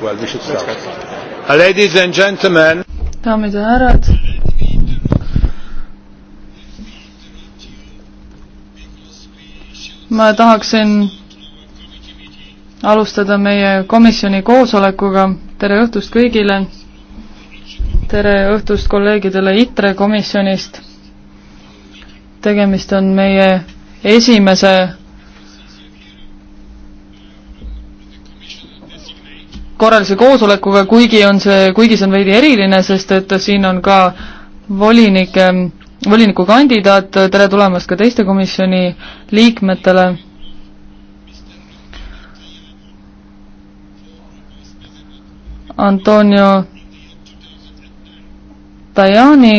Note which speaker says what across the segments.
Speaker 1: Well, we should start. Ladies and gentlemen. daamid ja härrad. ma tahaksin alustada meie komisjoni koosolekuga. tere õhtust kõigile. tere õhtust kolleegidele ITRE komisjonist. tegemist on meie esimese korralise koosolekuga, kuigi on see, kuigi see on veidi eriline, sest et siin on ka volinik, ähm, volinikukandidaat, tere tulemast ka teiste komisjoni liikmetele. Antonio Tajani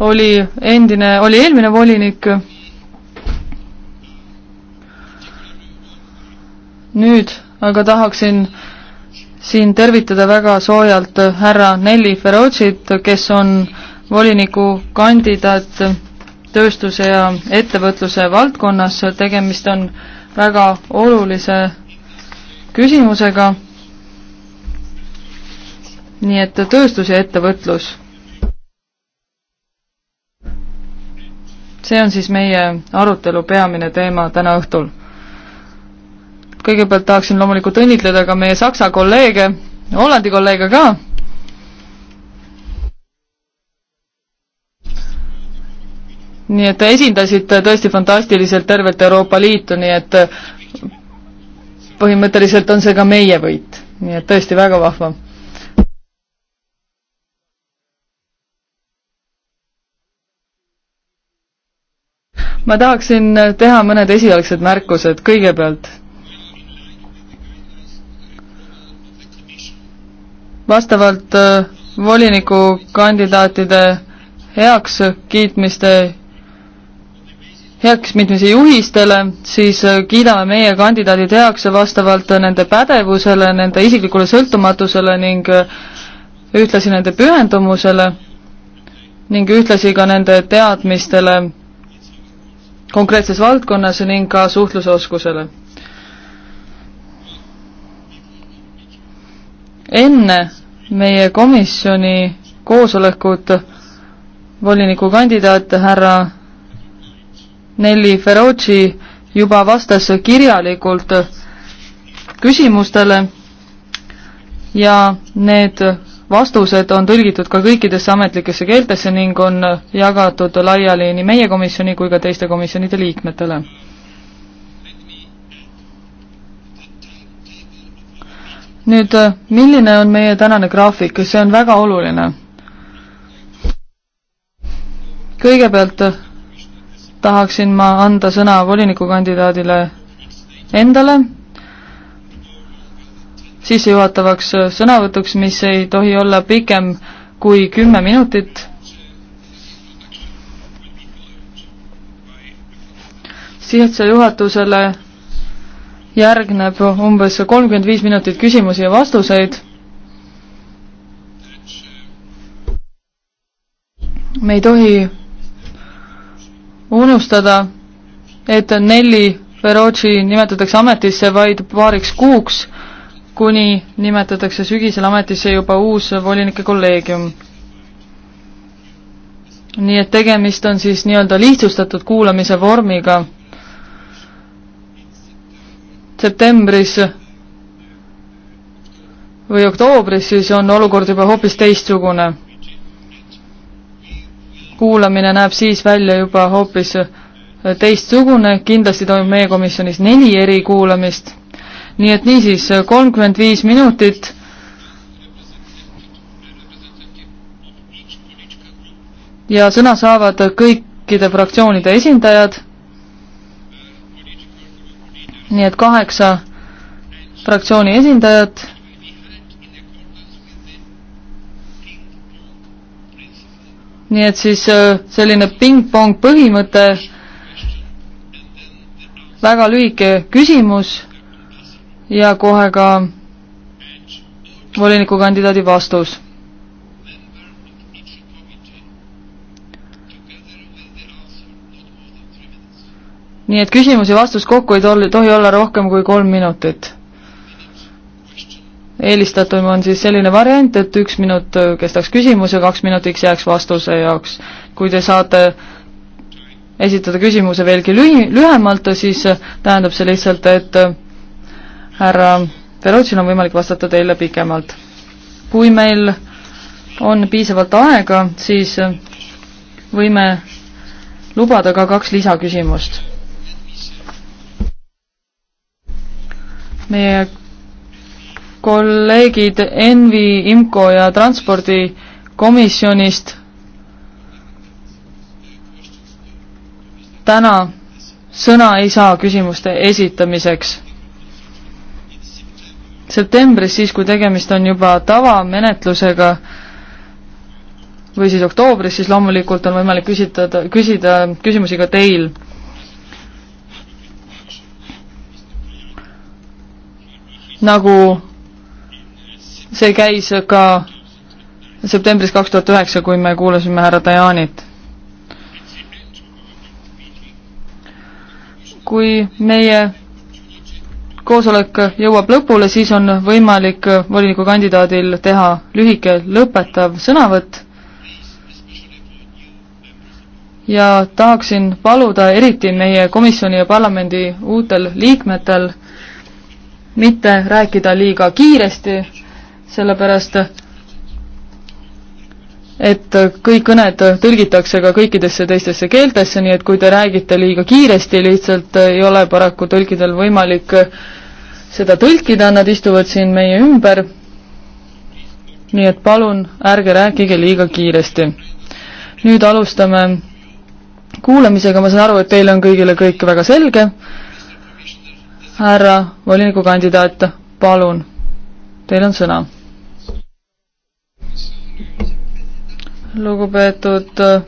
Speaker 1: oli endine, oli eelmine volinik nüüd aga tahaksin siin tervitada väga soojalt härra Nelli Ferocit, kes on volinikukandidaat tööstuse ja ettevõtluse valdkonnas, tegemist on väga olulise küsimusega. nii et tööstus ja ettevõtlus. see on siis meie arutelu peamine teema täna õhtul kõigepealt tahaksin loomulikult õnnitleda ka meie Saksa kolleege, Hollandi kolleege ka. nii et te esindasite tõesti fantastiliselt tervet Euroopa Liitu, nii et põhimõtteliselt on see ka meie võit, nii et tõesti väga vahva ma tahaksin teha mõned esialgsed märkused kõigepealt. vastavalt äh, volinikukandidaatide heakskiitmiste, heakskiitmise juhistele, siis äh, kiidame meie kandidaadid heaks vastavalt nende pädevusele, nende isiklikule sõltumatusele ning äh, ühtlasi nende pühendumusele ning ühtlasi ka nende teadmistele konkreetses valdkonnas ning ka suhtlusoskusele enne meie komisjoni koosolekut volinikukandidaat härra Nelli Ferrucci juba vastas kirjalikult küsimustele ja need vastused on tõlgitud ka kõikidesse ametlikesse keeltesse ning on jagatud laiali nii meie komisjoni kui ka teiste komisjonide liikmetele nüüd, äh, milline on meie tänane graafik, see on väga oluline. kõigepealt äh, tahaksin ma anda sõna volinikukandidaadile endale sissejuhatavaks äh, sõnavõtuks, mis ei tohi olla pikem kui kümme minutit. sissejuhatusele järgneb umbes kolmkümmend viis minutit küsimusi ja vastuseid. me ei tohi unustada, et Nelli Ferrocci nimetatakse ametisse vaid paariks kuuks, kuni nimetatakse sügisel ametisse juba uus volinike kolleegium. nii et tegemist on siis nii-öelda lihtsustatud kuulamise vormiga septembris või oktoobris, siis on olukord juba hoopis teistsugune. kuulamine näeb siis välja juba hoopis teistsugune, kindlasti toimub meie komisjonis neli erikuulamist, nii et niisiis, kolmkümmend viis minutit ja sõna saavad kõikide fraktsioonide esindajad nii et kaheksa fraktsiooni esindajat nii et siis äh, selline ping-pong põhimõte, väga lühike küsimus ja kohe ka volinikukandidaadi vastus nii et küsimus ja vastus kokku ei tol-, tohi olla rohkem kui kolm minutit. eelistatum on siis selline variant, et üks minut kestaks küsimus ja kaks minutiks jääks vastuse jaoks. kui te saate esitada küsimuse veelgi lühi-, lühemalt, siis tähendab see lihtsalt, et härra Verotšil on võimalik vastata teile pikemalt. kui meil on piisavalt aega, siis võime lubada ka kaks lisaküsimust meie kolleegid Envi, IMCO ja transpordikomisjonist täna sõna ei saa küsimuste esitamiseks. septembris, siis kui tegemist on juba tavamenetlusega või siis oktoobris, siis loomulikult on võimalik küsitada, küsida küsimusi ka teil nagu see käis ka septembris kaks tuhat üheksa, kui me kuulasime härra Dajanit. kui meie koosolek jõuab lõpule, siis on võimalik volinikukandidaadil teha lühike lõpetav sõnavõtt ja tahaksin paluda eriti meie komisjoni ja parlamendi uutel liikmetel mitte rääkida liiga kiiresti, sellepärast et kõik kõned tõlgitakse ka kõikidesse teistesse keeltesse, nii et kui te räägite liiga kiiresti, lihtsalt ei ole paraku tõlkidel võimalik seda tõlkida, nad istuvad siin meie ümber. nii et palun ärge rääkige liiga kiiresti. nüüd alustame kuulamisega, ma saan aru, et teile on kõigile kõik väga selge härra volinikukandidaat, palun, teil on sõna. lugupeetud äh,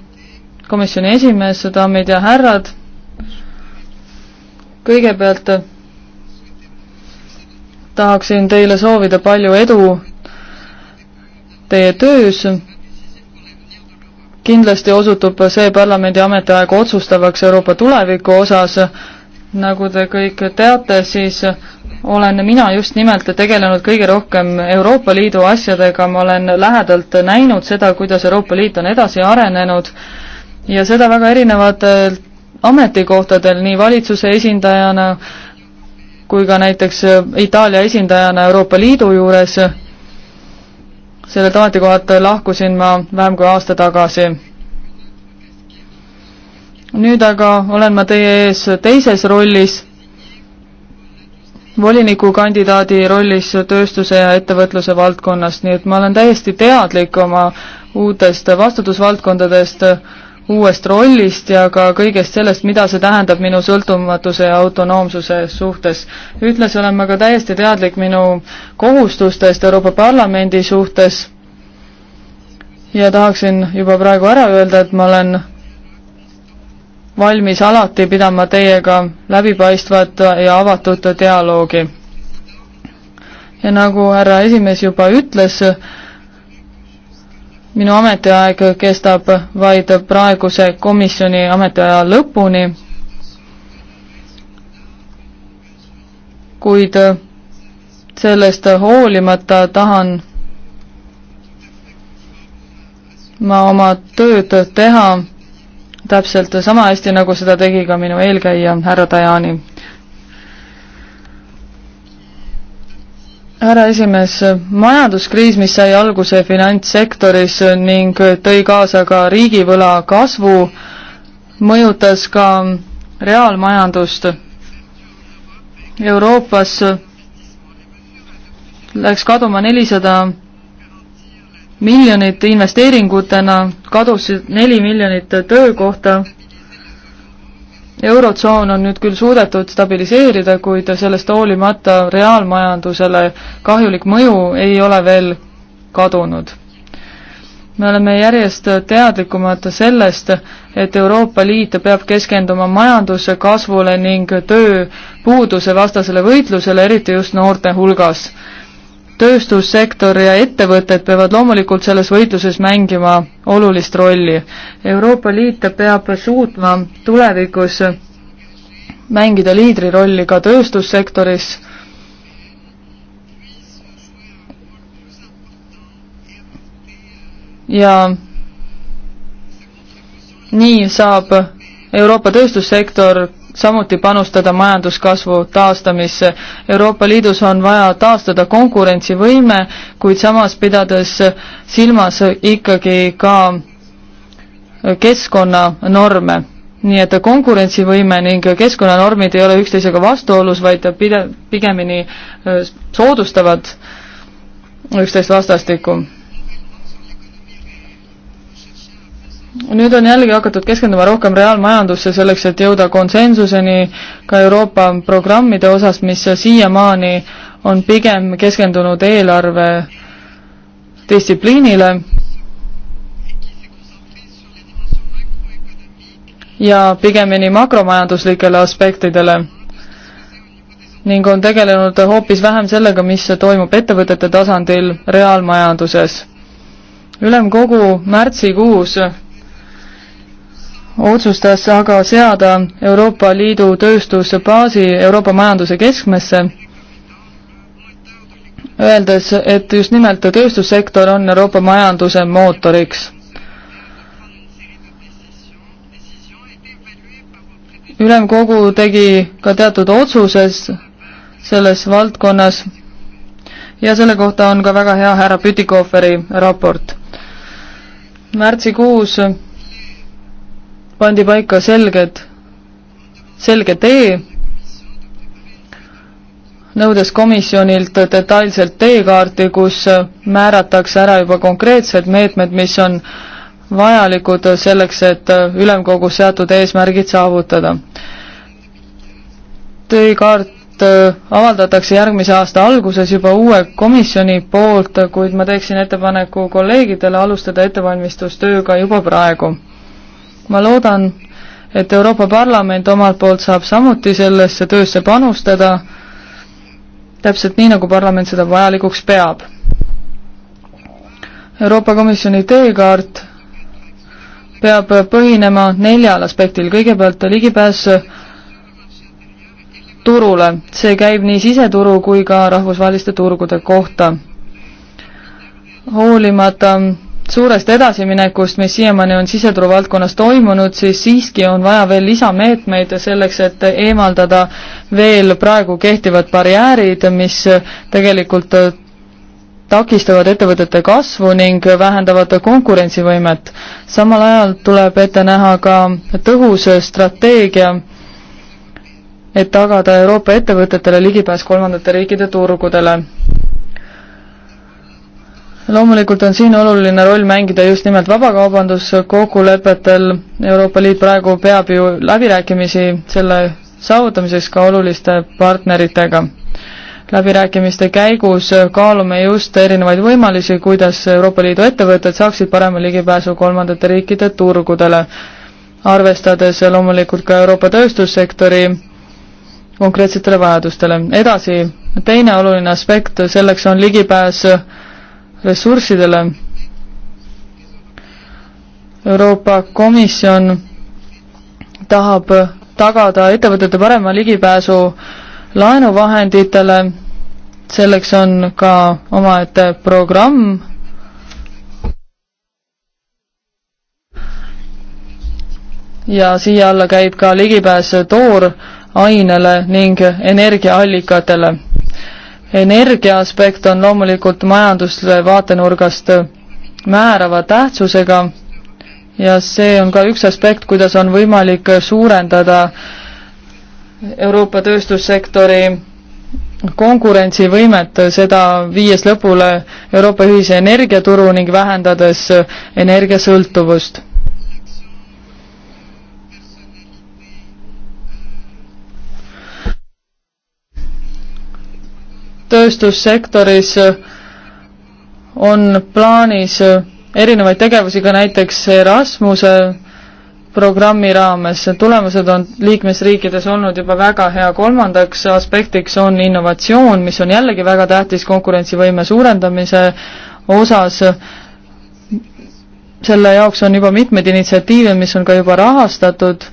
Speaker 1: komisjoni esimees, daamid ja härrad, kõigepealt äh, tahaksin teile soovida palju edu teie töös. kindlasti osutub see parlamendi ametiaeg otsustavaks Euroopa tuleviku osas nagu te kõik teate, siis olen mina just nimelt tegelenud kõige rohkem Euroopa Liidu asjadega, ma olen lähedalt näinud seda, kuidas Euroopa Liit on edasi arenenud ja seda väga erinevatel äh, ametikohtadel, nii valitsuse esindajana kui ka näiteks äh, Itaalia esindajana Euroopa Liidu juures. sellelt ametikohalt lahkusin ma vähem kui aasta tagasi nüüd aga olen ma teie ees teises rollis, volinikukandidaadi rollis tööstuse ja ettevõtluse valdkonnas, nii et ma olen täiesti teadlik oma uutest vastutusvaldkondadest, uuest rollist ja ka kõigest sellest, mida see tähendab minu sõltumatuse ja autonoomsuse suhtes. ühtlasi olen ma ka täiesti teadlik minu kohustustest Euroopa Parlamendi suhtes ja tahaksin juba praegu ära öelda, et ma olen valmis alati pidama teiega läbipaistvat ja avatud dialoogi. ja nagu härra esimees juba ütles, minu ametiaeg kestab vaid praeguse komisjoni ametiaja lõpuni, kuid sellest hoolimata tahan ma oma tööd teha täpselt sama hästi, nagu seda tegi ka minu eelkäija härra Tajani. härra esimees, majanduskriis, mis sai alguse finantssektoris ning tõi kaasa ka riigivõla kasvu, mõjutas ka reaalmajandust. Euroopas läks kaduma nelisada miljonit investeeringutena, kadusid neli miljonit töökohta. eurotsoon on nüüd küll suudetud stabiliseerida, kuid sellest hoolimata reaalmajandusele kahjulik mõju ei ole veel kadunud. me oleme järjest teadlikumad sellest, et Euroopa Liit peab keskenduma majanduse kasvule ning tööpuuduse vastasele võitlusele, eriti just noorte hulgas tööstussektor ja ettevõtted peavad loomulikult selles võitluses mängima olulist rolli. Euroopa Liit peab suutma tulevikus mängida liidrirolli ka tööstussektoris, ja nii saab Euroopa tööstussektor samuti panustada majanduskasvu taastamisse. Euroopa Liidus on vaja taastada konkurentsivõime, kuid samas pidades silmas ikkagi ka keskkonnanorme. nii et konkurentsivõime ning keskkonnanormid ei ole üksteisega vastuolus, vaid pide-, pigemini äh, soodustavad üksteist vastastikku nüüd on jällegi hakatud keskenduma rohkem reaalmajandusse, selleks et jõuda konsensuseni ka Euroopa programmide osas, mis siiamaani on pigem keskendunud eelarve distsipliinile ja pigemini makromajanduslikele aspektidele ning on tegelenud hoopis vähem sellega, mis toimub ettevõtete tasandil reaalmajanduses. ülemkogu märtsikuus otsustas aga seada Euroopa Liidu tööstusbaasi Euroopa majanduse keskmesse, öeldes, et just nimelt tööstussektor on Euroopa majanduse mootoriks. ülemkogu tegi ka teatud otsuses selles valdkonnas ja selle kohta on ka väga hea härra Pütikoferi raport. märtsikuus pandi paika selged, selge tee, nõudes komisjonilt detailselt teekaarti, kus määratakse ära juba konkreetsed meetmed, mis on vajalikud selleks, et ülemkogus seatud eesmärgid saavutada. teekaart avaldatakse järgmise aasta alguses juba uue komisjoni poolt, kuid ma teeksin ettepaneku kolleegidele alustada ettevalmistustööga juba praegu ma loodan, et Euroopa Parlament omalt poolt saab samuti sellesse töösse panustada, täpselt nii, nagu parlament seda vajalikuks peab. Euroopa Komisjoni teekaart peab põhinema neljal aspektil, kõigepealt ligipääs turule, see käib nii siseturu kui ka rahvusvaheliste turgude kohta. hoolimata suurest edasiminekust, mis siiamaani on siseturu valdkonnas toimunud, siis siiski on vaja veel lisameetmeid selleks, et eemaldada veel praegu kehtivad barjäärid, mis tegelikult takistavad ettevõtete kasvu ning vähendavad konkurentsivõimet. samal ajal tuleb ette näha ka tõhus strateegia, et tagada Euroopa ettevõtetele ligipääs kolmandate riikide turgudele loomulikult on siin oluline roll mängida just nimelt vabakaubanduskokkulepetel, Euroopa Liit praegu peab ju läbirääkimisi selle saavutamiseks ka oluliste partneritega. läbirääkimiste käigus kaalume just erinevaid võimalusi, kuidas Euroopa Liidu ettevõtted saaksid parema ligipääsu kolmandate riikide turgudele, arvestades loomulikult ka Euroopa tööstussektori konkreetsetele vajadustele. edasi, teine oluline aspekt selleks on ligipääs ressurssidele. Euroopa Komisjon tahab tagada ettevõtete parema ligipääsu laenuvahenditele, selleks on ka omaette programm, ja siia alla käib ka ligipääs toorainele ning energiaallikatele energia aspekt on loomulikult majanduse vaatenurgast määrava tähtsusega ja see on ka üks aspekt, kuidas on võimalik suurendada Euroopa tööstussektori konkurentsivõimet, seda viies lõpule Euroopa ühise energiaturu ning vähendades energiasõltuvust tööstussektoris eh, on plaanis eh, erinevaid tegevusi ka näiteks Erasmuse programmi raames, tulemused on liikmesriikides olnud juba väga hea, kolmandaks aspektiks on innovatsioon, mis on jällegi väga tähtis konkurentsivõime suurendamise osas, selle jaoks on juba mitmeid initsiatiive, mis on ka juba rahastatud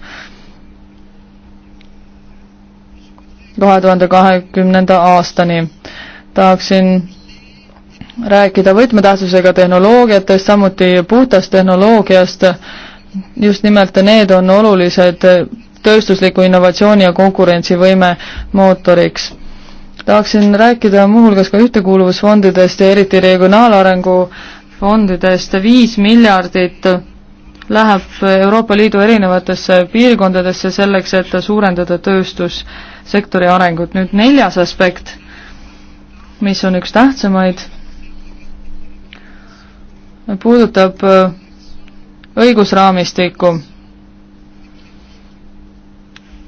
Speaker 1: kahe tuhande kahekümnenda aastani. tahaksin rääkida võtmetähtsusega tehnoloogiatest, samuti puhtast tehnoloogiast, just nimelt need on olulised tööstusliku innovatsiooni ja konkurentsivõime mootoriks. tahaksin rääkida muuhulgas ka ühtekuuluvusfondidest ja eriti regionaalarengu fondidest, viis miljardit läheb Euroopa Liidu erinevatesse piirkondadesse selleks, et suurendada tööstussektori arengut. nüüd neljas aspekt, mis on üks tähtsamaid, puudutab äh, õigusraamistikku.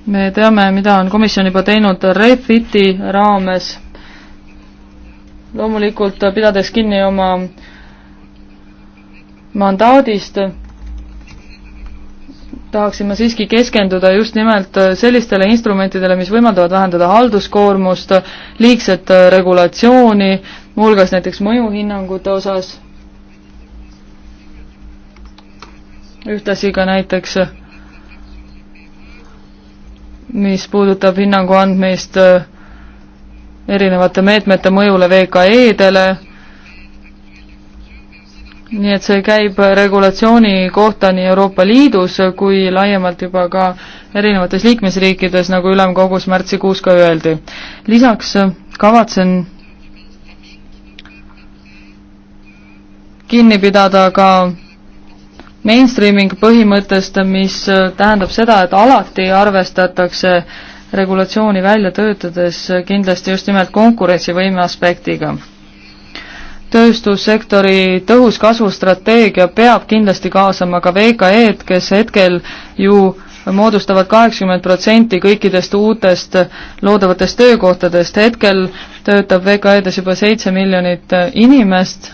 Speaker 1: me teame, mida on komisjon juba teinud Refiti raames, loomulikult äh, pidades kinni oma mandaadist tahaksin ma siiski keskenduda just nimelt äh, sellistele instrumentidele, mis võimaldavad vähendada halduskoormust, liigset äh, regulatsiooni, muuhulgas näiteks mõjuhinnangute osas, ühtlasi ka näiteks äh, mis puudutab hinnangu andmist erinevate meetmete mõjule VKE-dele nii et see käib regulatsiooni kohta nii Euroopa Liidus kui laiemalt juba ka erinevates liikmesriikides, nagu ülemkogus märtsikuus ka öeldi. lisaks kavatsen kinni pidada ka mainstreaming põhimõttest, mis tähendab seda, et alati arvestatakse regulatsiooni välja töötades kindlasti just nimelt konkurentsivõime aspektiga tööstussektori tõhus kasvustrateegia peab kindlasti kaasama ka VKE-d, kes hetkel ju moodustavad kaheksakümmend protsenti kõikidest uutest loodavatest töökohtadest. hetkel töötab VKE-des juba seitse miljonit inimest.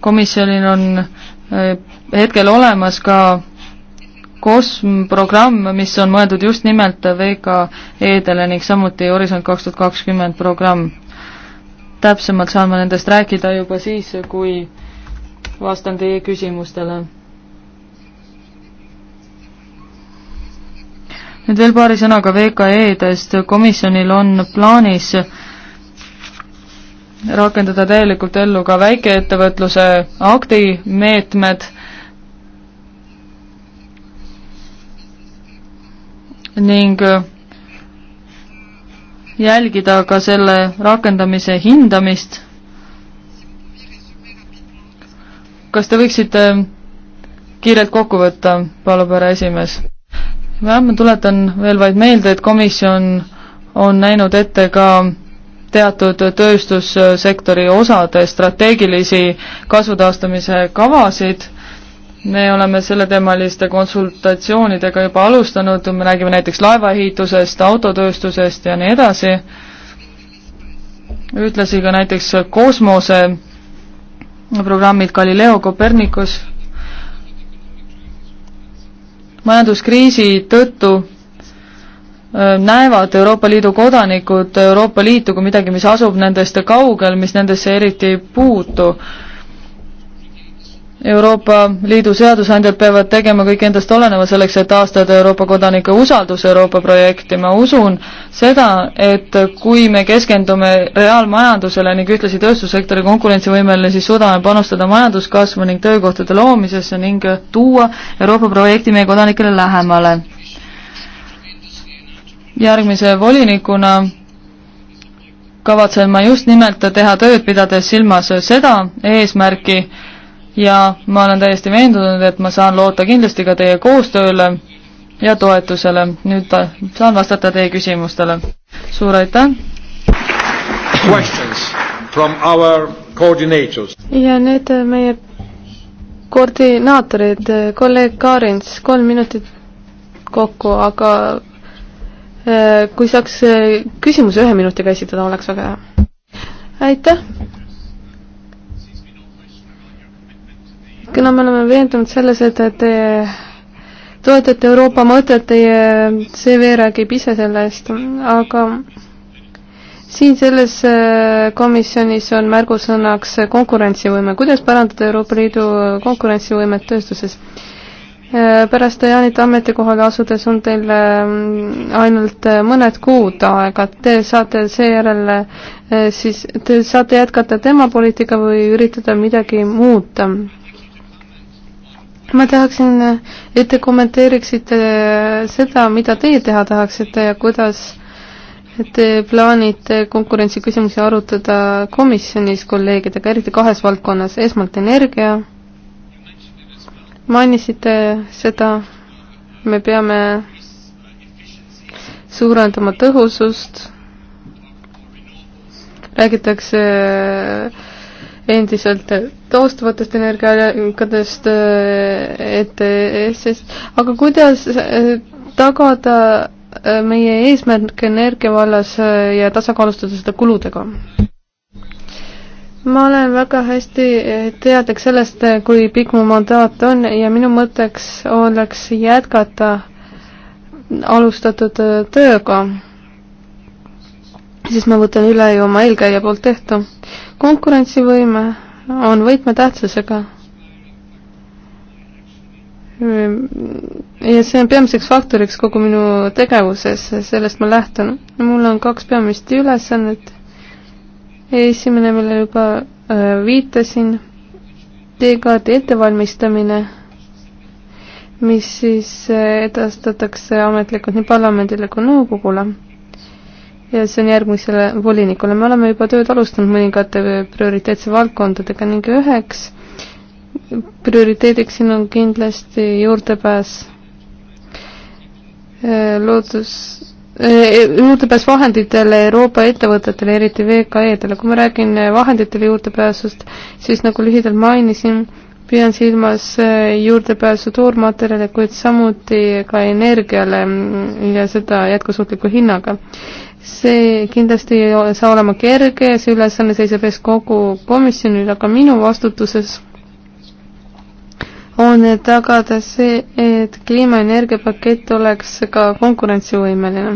Speaker 1: komisjonil on eh, hetkel olemas ka COSM programm, mis on mõeldud just nimelt VKE-dele ning samuti Horisont kaks tuhat kakskümmend programm. täpsemalt saan ma nendest rääkida juba siis, kui vastan teie küsimustele. nüüd veel paari sõnaga VKE-dest, komisjonil on plaanis rakendada täielikult ellu ka väikeettevõtluse akti meetmed ning äh, jälgida ka selle rakendamise hindamist. kas te võiksite äh, kiirelt kokku võtta, palub härra esimees? jah, ma tuletan veel vaid meelde, et komisjon on näinud ette ka teatud tööstussektori osade strateegilisi kasutaastamise kavasid me oleme selleteemaliste konsultatsioonidega juba alustanud, me räägime näiteks laevaehitusest, autotööstusest ja nii edasi, ühtlasi ka näiteks kosmoseprogrammid Galileo, Copernicus, majanduskriisi tõttu äh, näevad Euroopa Liidu kodanikud Euroopa Liitu kui midagi, mis asub nendest kaugel, mis nendesse eriti ei puutu Euroopa Liidu seadusandjad peavad tegema kõik endast oleneva selleks, et taastada Euroopa kodanike usaldus Euroopa projekti, ma usun seda, et kui me keskendume reaalmajandusele ning ühtlasi tööstussektori konkurentsivõimele, siis suudame panustada majanduskasvu ning töökohtade loomisesse ning tuua Euroopa projekti meie kodanikele lähemale. järgmise volinikuna kavatsen ma just nimelt teha tööd, pidades silmas seda eesmärki, ja ma olen täiesti veendunud, et ma saan loota kindlasti ka teie koostööle ja toetusele. nüüd saan vastata teie küsimustele. suur aitäh!
Speaker 2: ja nüüd äh, meie koordinaatorid, äh, kolleeg Kaarins, kolm minutit kokku, aga äh, kui saaks küsimuse ühe minutiga esitada, oleks väga hea. aitäh! täna me oleme veendunud selles, et te toetate Euroopa mõtet, teie CV räägib ise sellest, aga siin selles äh, komisjonis on märgusõnaks konkurentsivõime. kuidas parandada Euroopa Liidu konkurentsivõimet tööstuses? Äh, pärast Jaanit ametikohale asudes on teil äh, ainult mõned kuud aega, te saate seejärel siis, te saate jätkata tema poliitika või üritada midagi muuta ma tahaksin, äh, et te kommenteeriksite äh, seda, mida teie teha tahaksite ja kuidas te plaanite konkurentsiküsimusi arutada komisjonis kolleegidega, eriti kahes valdkonnas, esmalt energia, mainisite seda, me peame suurendama tõhusust, räägitakse äh, endiselt taastuvatest energiaallikatest, äh, ETS-ist, aga kuidas äh, tagada äh, meie eesmärk energia vallas ja tasakaalustada seda kuludega? ma olen väga hästi teadlik sellest, kui pikk mu mandaat on ja minu mõtteks oleks jätkata alustatud tööga. siis ma võtan üle ju oma eelkäija poolt tehtu konkurentsivõime on võtmetähtsusega. ja see on peamiseks faktoriks kogu minu tegevuses, sellest ma lähtun. mul on kaks peamist ülesannet. esimene, millele juba äh, viitasin, teekaardi ettevalmistamine, mis siis äh, edastatakse ametlikult nii parlamendile kui nõukogule ja see on järgmisele volinikule. me oleme juba tööd alustanud mõningate prioriteetse valdkondadega ning üheks prioriteediks siin on kindlasti juurdepääs äh, loodus, äh, juurdepääs vahenditele Euroopa ettevõtetele, eriti VKE-dele. kui ma räägin vahenditele juurdepääsust, siis nagu lühidalt mainisin, pean silmas äh, juurdepääsu toormaterjale, kuid samuti ka energiale mm, ja seda jätkusuutliku hinnaga see kindlasti ei saa olema kerge, see ülesanne seisab ees kogu komisjonil, aga minu vastutuses on tagada see, et kliimaenergia pakett oleks ka konkurentsivõimeline.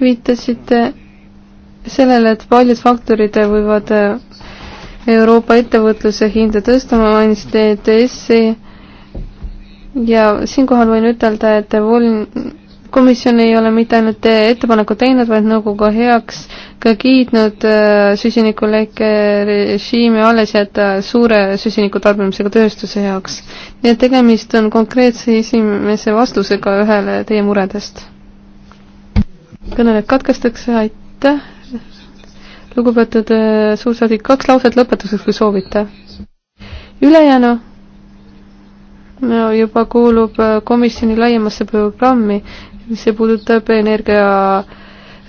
Speaker 2: viitasite sellele, et paljud faktorid võivad Euroopa ettevõtluse hinda tõsta, ma mainisin ETS-i ja siinkohal võin ütelda, et volin-, komisjon ei ole mitte ainult ettepaneku teinud, vaid nõukogu heaks ka kiitnud äh, süsinikulekke režiimi alles jätta suure süsiniku tarbimisega tööstuse jaoks. nii et tegemist on konkreetse esimese vastusega ühele teie muredest. kõnelejad katkestatakse, aitäh. lugupeetud äh, suursaadik, kaks lauset lõpetuseks, kui soovite. ülejäänu no? juba kuulub äh, komisjoni laiemasse programmi, see puudutab energia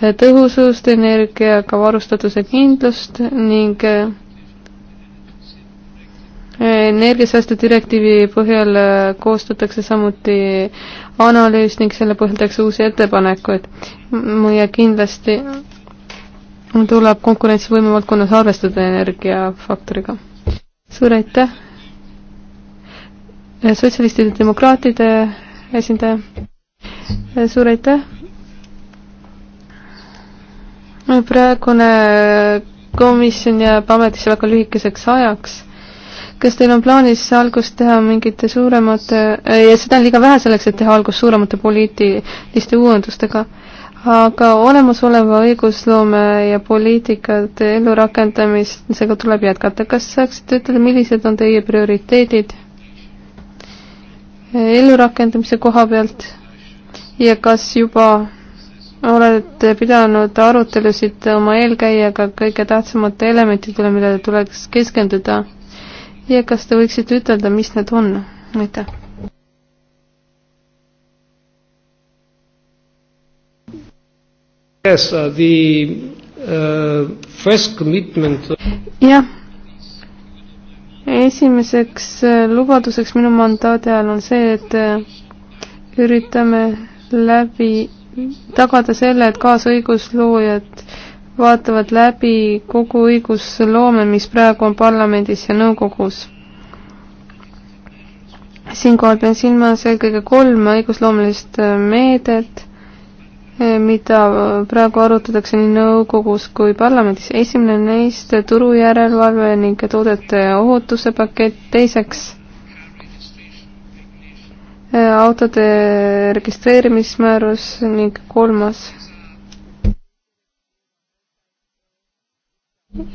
Speaker 2: äh, tõhusust, energiaga varustatuse kindlust ning äh, energiasäästu direktiivi põhjal koostatakse samuti analüüs ning selle põhjal tehakse uusi ettepanekuid. ja kindlasti tuleb konkurentsivõime valdkonnas arvestada energiafaktoriga. suur aitäh! Äh, sotsialistide demokraatide esindaja. Äh, suur aitäh. praegune komisjon jääb ametisse väga lühikeseks ajaks. kas teil on plaanis algust teha mingite suuremate, äh, ja seda on liiga vähe selleks, et teha algust suuremate poliitiliste uuendustega, aga olemasoleva õigusloome ja poliitikate ellurakendamisega tuleb jätkata. kas saaksite ütelda, millised on teie prioriteedid? ellurakendamise koha pealt ja kas juba olete pidanud arutelusid oma eelkäijaga kõige tähtsamate elementidele, millele tuleks keskenduda ja kas te võiksite ütelda, mis need on? aitäh.
Speaker 1: Yes, uh, the uh, first commitment.
Speaker 2: jah esimeseks äh, lubaduseks minu mandaadi ajal on see, et äh, üritame läbi, tagada selle, et kaasõigusloojad vaatavad läbi kogu õigusloome, mis praegu on parlamendis ja nõukogus. siinkohal pean silmas eelkõige kolme õigusloomelist äh, meedet mida praegu arutatakse nii nõukogus kui parlamendis. esimene neist turujärelevalve ning toodete ohutuse pakett, teiseks autode registreerimismäärus ning kolmas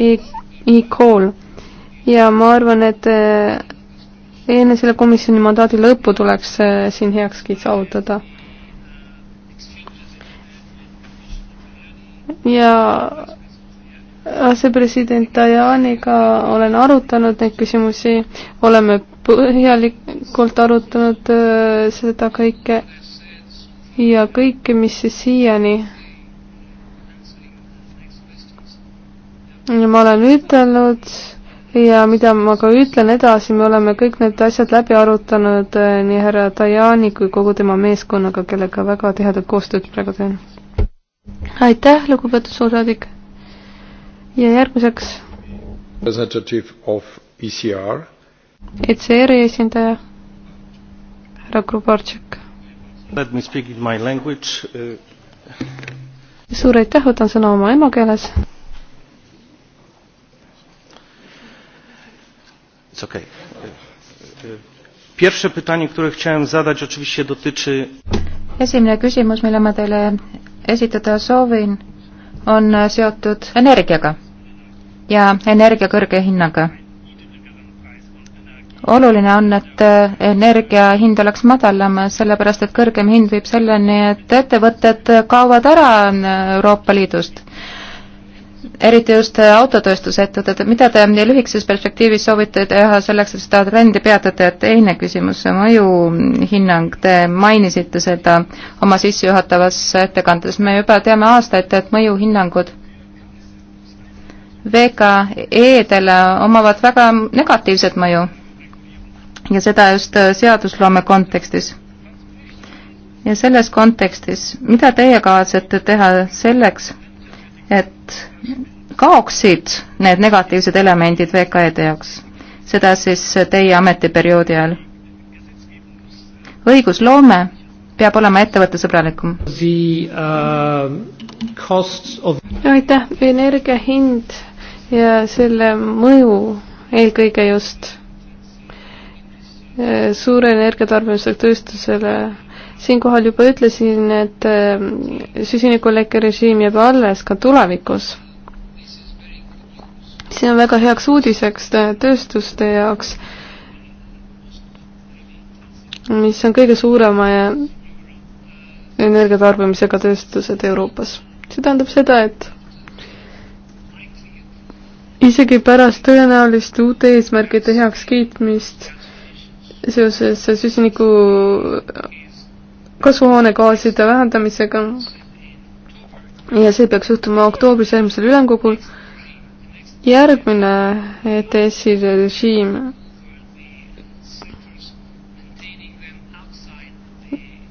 Speaker 2: e-call. ja ma arvan, et äh, enne selle komisjoni mandaadi lõppu tuleks äh, siin heakskiit saavutada ja asepresident Tajaniga olen arutanud neid küsimusi, oleme põhjalikult arutanud äh, seda kõike ja kõike, mis siiani ma olen ütelnud ja mida ma ka ütlen edasi, me oleme kõik need asjad läbi arutanud äh, nii härra Tajani kui kogu tema meeskonnaga, kellega väga tihedat koostööd praegu teen aitäh, lugupeetud suursaadik. ja järgmiseks.
Speaker 1: Representative of ECR.
Speaker 2: ECR-i esindaja, härra Grubartšik.
Speaker 3: Let me speak in my language uh....
Speaker 2: suur aitäh, võtan sõna oma emakeeles.
Speaker 3: It's okay. Pierwsze pytanie, które chciałem zadać, oczywiście dotyczy. Esimene küsimus, mille ma teile esitada soovin, on äh, seotud energiaga ja energia kõrge hinnaga. oluline on, et äh, energia hind oleks madalam, sellepärast et kõrgem hind viib selleni, et ettevõtted kaovad ära äh, Euroopa Liidust eriti just autotööstusettevõtted, mida te lühikeses perspektiivis soovite teha selleks, et seda trendi peatada ja teine küsimus, mõjuhinnang, te mainisite seda oma sissejuhatavas ettekandes, me juba teame aastaid, et mõjuhinnangud VKE-dele omavad väga negatiivset mõju ja seda just seadusloome kontekstis ja selles kontekstis, mida teie kavatsete teha selleks, et kaoksid need negatiivsed elemendid VKE-de jaoks, seda siis teie ametiperioodi ajal. õigusloome peab olema ettevõttesõbralikum. Uh, of...
Speaker 2: aitäh, energia hind ja selle mõju eelkõige just eh, suure energiatarbimisega tööstusele siinkohal juba ütlesin, et äh, süsinikulekke režiim jääb alles ka tulevikus. see on väga heaks uudiseks tööstuste jaoks, mis on kõige suurema energiatarbimisega tööstused Euroopas. see tähendab seda, et isegi pärast tõenäolist uute eesmärkide heakskiitmist seoses süsiniku kasvuhoonegaaside vähendamisega ja see peaks juhtuma oktoobris järgmisel ülemkogul. järgmine ETS-i režiim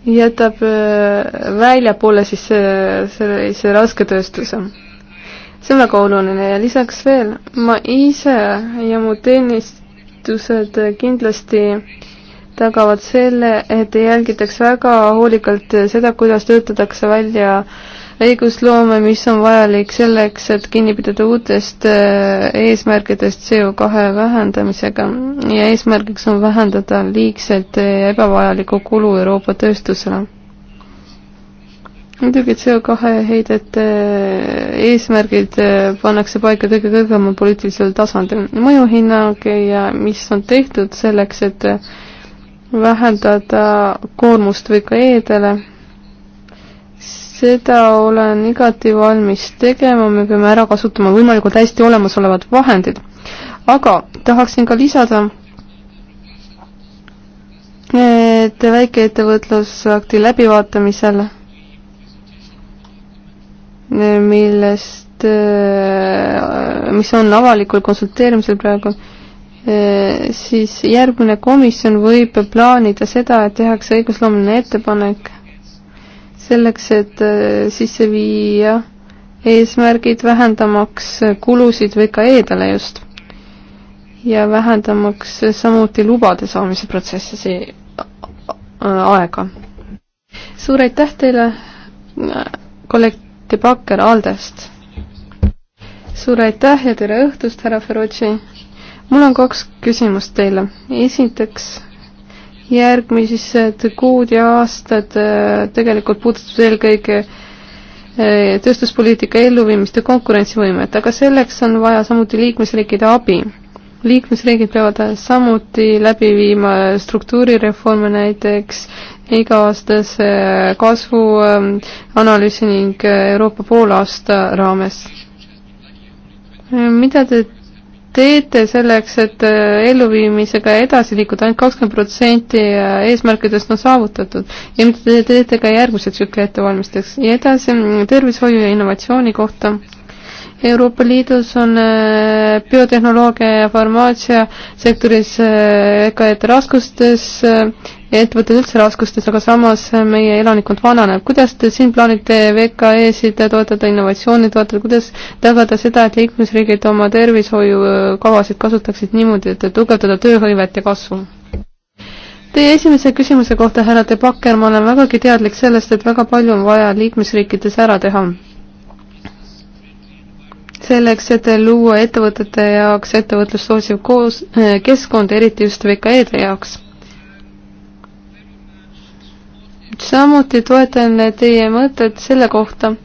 Speaker 2: jätab äh, väljapoole siis äh, selle, sellise rasketööstuse. see on väga oluline ja lisaks veel, ma ise ja mu teenistused kindlasti tagavad selle, et jälgitaks väga hoolikalt seda, kuidas töötatakse välja õigusloome, mis on vajalik selleks, et kinni pidada uutest äh, eesmärkidest CO2 vähendamisega ja eesmärgiks on vähendada liigselt ebavajalikku kulu Euroopa tööstusele. muidugi CO2 heidete äh, eesmärgid äh, pannakse paika kõige kõrgemal poliitilisel tasandil, mõjuhinnang ja mis on tehtud selleks, et vähendada koormust VKE-dele. seda olen igati valmis tegema, me peame ära kasutama võimalikult hästi olemasolevad vahendid. aga tahaksin ka lisada, et väikeettevõtlusakti läbivaatamisel, millest, mis on avalikul konsulteerimisel praegu, Äh, siis järgmine komisjon võib plaanida seda, et tehakse õigusloomeline ettepanek selleks, et äh, sisse viia eesmärgid vähendamaks kulusid VKE-dele just ja vähendamaks samuti lubade saamise protsessi aega. suur aitäh teile, kolleeg De Backer Aldest! suur aitäh ja tere õhtust, härra Ferrucci! mul on kaks küsimust teile. esiteks, järgmised äh, kuud ja aastad äh, tegelikult puudutab eelkõige äh, tööstuspoliitika elluviimist ja konkurentsivõimet, aga selleks on vaja samuti liikmesriikide abi. liikmesriigid peavad samuti läbi viima struktuurireforme näiteks, iga-aastase kasvuanalüüsi ähm, ning Euroopa poolaasta raames. mida te teete selleks, et äh, elluviimisega edasi liikuda ainult, ainult kakskümmend protsenti äh, eesmärkidest on saavutatud ja mida te teete ka järgmise tsükli ettevalmistuseks ja edasi mm, tervishoiu ja innovatsiooni kohta Euroopa Liidus on äh, biotehnoloogia ja farmaatsia sektoris äh, EKA-d raskustes, äh, ettevõtted üldse raskustes, aga samas meie elanikkond vananeb. kuidas te siin plaanite VKE-sid toetada, innovatsiooni toetada, kuidas tagada seda, et liikmesriigid oma tervishoiukavasid kasutaksid niimoodi, et tugevdada tööhõivet ja kasvu? Teie esimese küsimuse kohta, härra De Backer, ma olen vägagi teadlik sellest, et väga palju on vaja liikmesriikides ära teha selleks, et luua ettevõtete jaoks ettevõtlust soosiv koos, eh, keskkond, eriti just VKE-de jaoks. samuti toetan teie mõtet selle kohta,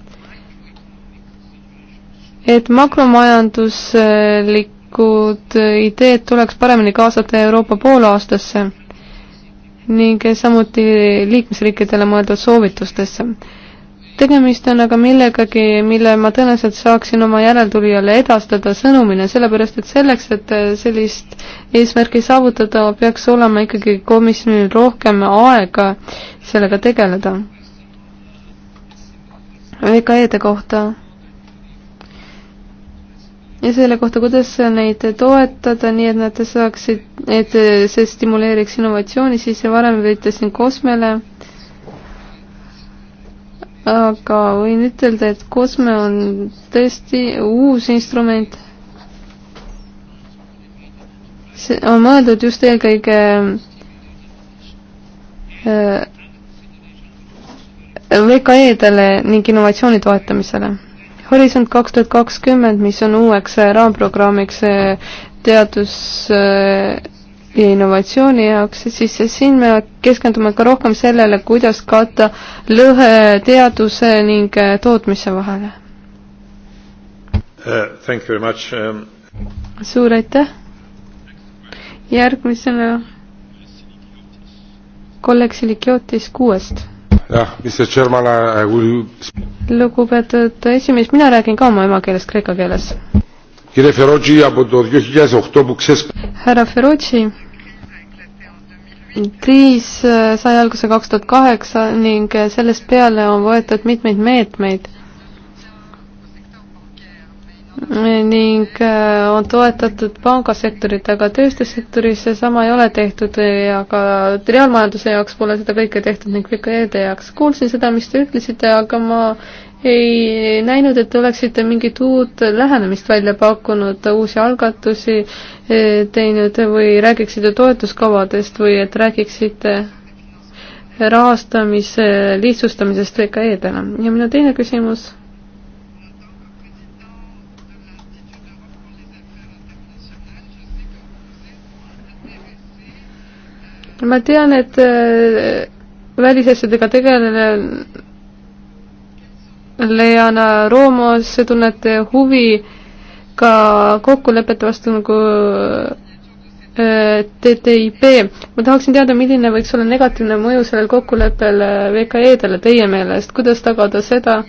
Speaker 2: et makromajanduslikud eh, ideed tuleks paremini kaasata Euroopa poolaastasse ning samuti liikmesriikidele mõeldud soovitustesse tegemist on aga millegagi, mille ma tõenäoliselt saaksin oma järeltulijale edastada sõnumina, sellepärast et selleks, et äh, sellist eesmärki saavutada, peaks olema ikkagi komisjonil rohkem aega sellega tegeleda. VKE-de kohta. ja selle kohta, kuidas neid toetada, nii et nad saaksid, et see stimuleeriks innovatsiooni, siis varem viitasin Kosmele aga võin ütelda, et Kosme on tõesti uus instrument. see on mõeldud just eelkõige äh, VKE-dele ning innovatsiooni toetamisele. Horisont kaks tuhat kakskümmend, mis on uueks äh, raamprogrammiks äh, teadus ja innovatsiooni jaoks, siis siin me keskendume ka rohkem sellele, kuidas katta lõhe teaduse ning äh, tootmise vahele
Speaker 1: uh,. Thank you very much um....
Speaker 2: suur aitäh. järgmisena kolleeg Silikiotis kuuest.
Speaker 1: jah, Mr Chairman I will.
Speaker 2: lugupeetud esimees, mina räägin ka oma emakeeles, kreeka keeles. härra Ferrotši kriis äh, sai alguse kaks tuhat kaheksa ning äh, sellest peale on võetud mitmeid meetmeid ning äh, on toetatud pangasektorit, aga tööstussektoris seesama ei ole tehtud ja ka reaalmajanduse jaoks pole seda kõike tehtud ning VKE-de jaoks. kuulsin seda, mis te ütlesite, aga ma ei näinud, et oleksite mingit uut lähenemist välja pakkunud, uusi algatusi eh, teinud või räägiksite toetuskavadest või et räägiksite rahastamise lihtsustamisest VKE-dele. ja minu teine küsimus ma tean, et eh, välisasjadega tegelev Leana Roomos, tunnete huvi ka kokkulepete vastu nagu äh, TTIP. ma tahaksin teada, milline võiks olla negatiivne mõju sellel kokkuleppel VKE-dele teie meelest, kuidas tagada seda,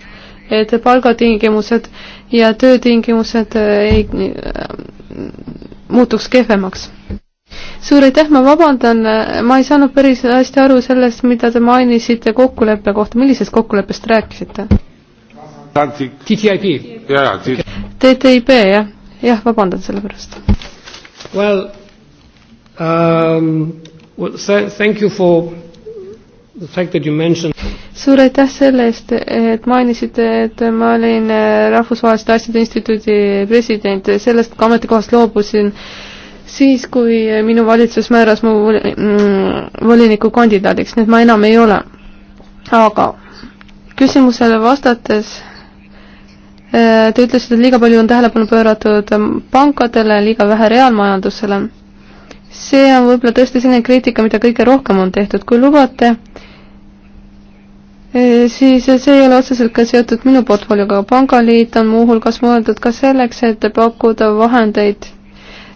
Speaker 2: et palgatingimused ja töötingimused äh, ei äh, muutuks kehvemaks? suur aitäh, ma vabandan, ma ei saanud päris hästi aru sellest, mida te mainisite kokkuleppe kohta, millisest kokkuleppest rääkisite?
Speaker 1: TTIP.
Speaker 2: TTIP jah, jah, vabandan selle pärast. Well um,, well thank you for the fact that you mentioned suur aitäh selle eest, et mainisite, et ma olin äh, Rahvusvaheliste Asjade Instituudi president, sellest ametikohast loobusin siis, kui minu valitsus määras mu mm, voliniku kandidaadiks, nii et ma enam ei ole. aga küsimusele vastates Äh, te ütlesite, et liiga palju on tähelepanu pööratud ähm, pankadele, liiga vähe reaalmajandusele. see on võib-olla tõesti selline kriitika, mida kõige rohkem on tehtud, kui lubate, äh, siis see ei ole otseselt ka seotud minu portfoolioga, pangaliit on muuhulgas mõeldud ka selleks, et pakkuda vahendeid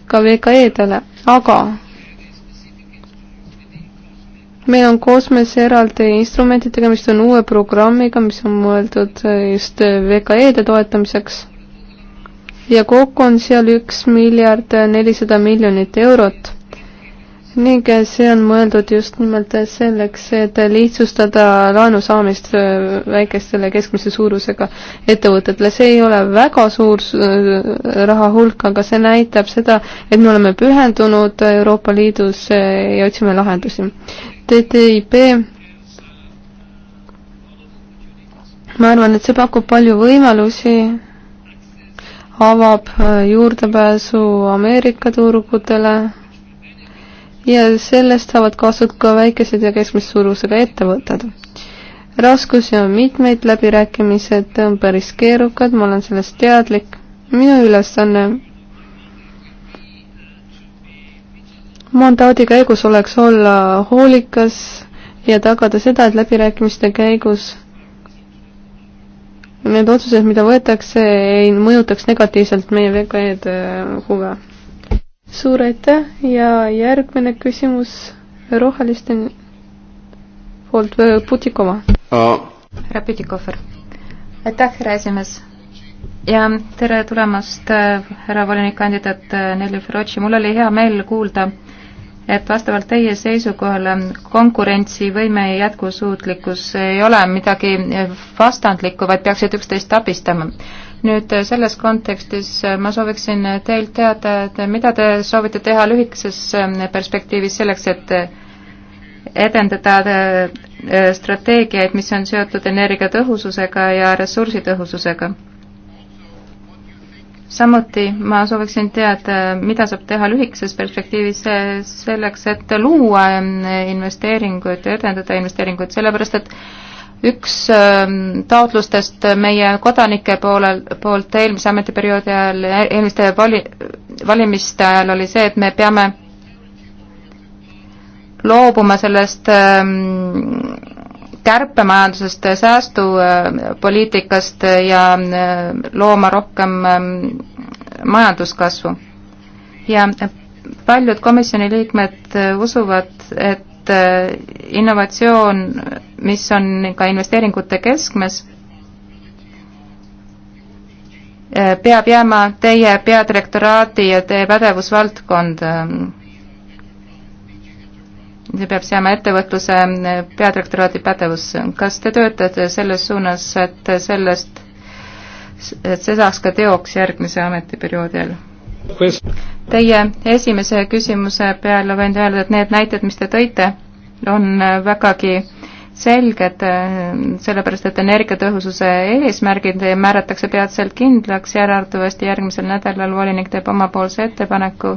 Speaker 2: ka VKE-dele, aga meil on kosmos eraldi instrumentid, tegemist on uue programmiga, mis on mõeldud äh, just äh, VKE-de toetamiseks. ja kokku on seal üks miljard äh, nelisada miljonit eurot ning see on mõeldud just nimelt selleks, et lihtsustada laenu saamist äh, väikestele keskmise suurusega ettevõtetele. see ei ole väga suur äh, raha hulk, aga see näitab seda, et me oleme pühendunud Euroopa Liidus äh, ja otsime lahendusi. TTIP, ma arvan, et see pakub palju võimalusi, avab juurdepääsu Ameerika turgudele ja sellest saavad kasut ka väikesed ja keskmise suurusega ettevõtted. raskusi on mitmeid, läbirääkimised on päris keerukad, ma olen sellest teadlik. minu ülesanne mandaadi käigus oleks olla hoolikas ja tagada seda, et läbirääkimiste käigus need otsused, mida võetakse, ei mõjutaks negatiivselt meie VKE-de huve suur aitäh ja järgmine küsimus roheliste
Speaker 3: poolt äh, Putikova uh.. härra Putikover. aitäh, härra esimees. ja tere tulemast, äh, härra volinikkandidaat äh, Nelli Ferrocci, mul oli hea meel kuulda, et vastavalt teie seisukohale konkurentsivõime ja jätkusuutlikkus ei ole midagi vastandlikku, vaid peaksid üksteist abistama nüüd äh, selles kontekstis äh, ma sooviksin äh, teilt teada, et mida te soovite teha lühikeses ähm, perspektiivis selleks, et edendada strateegiaid, mis on seotud energiatõhususega ja ressursitõhususega. samuti ma sooviksin teada, mida saab teha lühikeses perspektiivis selleks, et luua ähm, investeeringuid, edendada investeeringuid, sellepärast et üks ähm, taotlustest meie kodanike poolel, poolt eelmise ametiperioodi ajal, e-, eelmiste vali, valimiste ajal oli see, et me peame loobuma sellest ähm, kärpemajandusest, säästupoliitikast ja äh, looma rohkem ähm, majanduskasvu. ja paljud komisjoni liikmed äh, usuvad, et et äh, innovatsioon, mis on ka investeeringute keskmes, äh, peab jääma teie peadirektoraadi ja teie pädevusvaldkonda. Ähm, see peab jääma ettevõtluse äh, peadirektoraadi pädevusse. kas te töötate selles suunas, et sellest, et see saaks ka teoks järgmise ametiperioodi ajal? Teie esimese küsimuse peale võin öelda, et need näited, mis te tõite, on vägagi selged, sellepärast et energiatõhususe eesmärgid määratakse peatselt kindlaks ja arvatavasti järgmisel nädalal volinik teeb omapoolse ettepaneku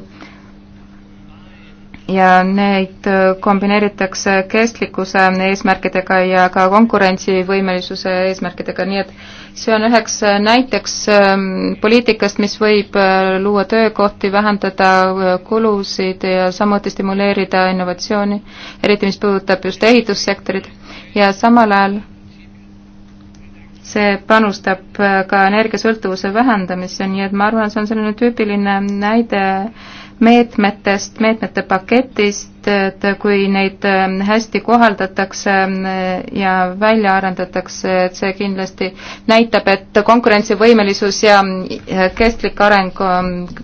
Speaker 3: ja neid äh, kombineeritakse kestlikkuse eesmärkidega ja ka konkurentsivõimelisuse eesmärkidega, nii et see on üheks äh, näiteks ähm, poliitikast, mis võib äh, luua töökohti, vähendada kulusid ja samuti stimuleerida innovatsiooni, eriti mis puudutab just ehitussektorit ja samal ajal see panustab ka energiasõltuvuse vähendamisse, nii et ma arvan, see on selline tüüpiline näide äh, meetmetest, meetmete paketist, et kui neid ähm, hästi kohaldatakse ähm, ja välja arendatakse, et see kindlasti näitab, et konkurentsivõimelisus ja äh, kestlik areng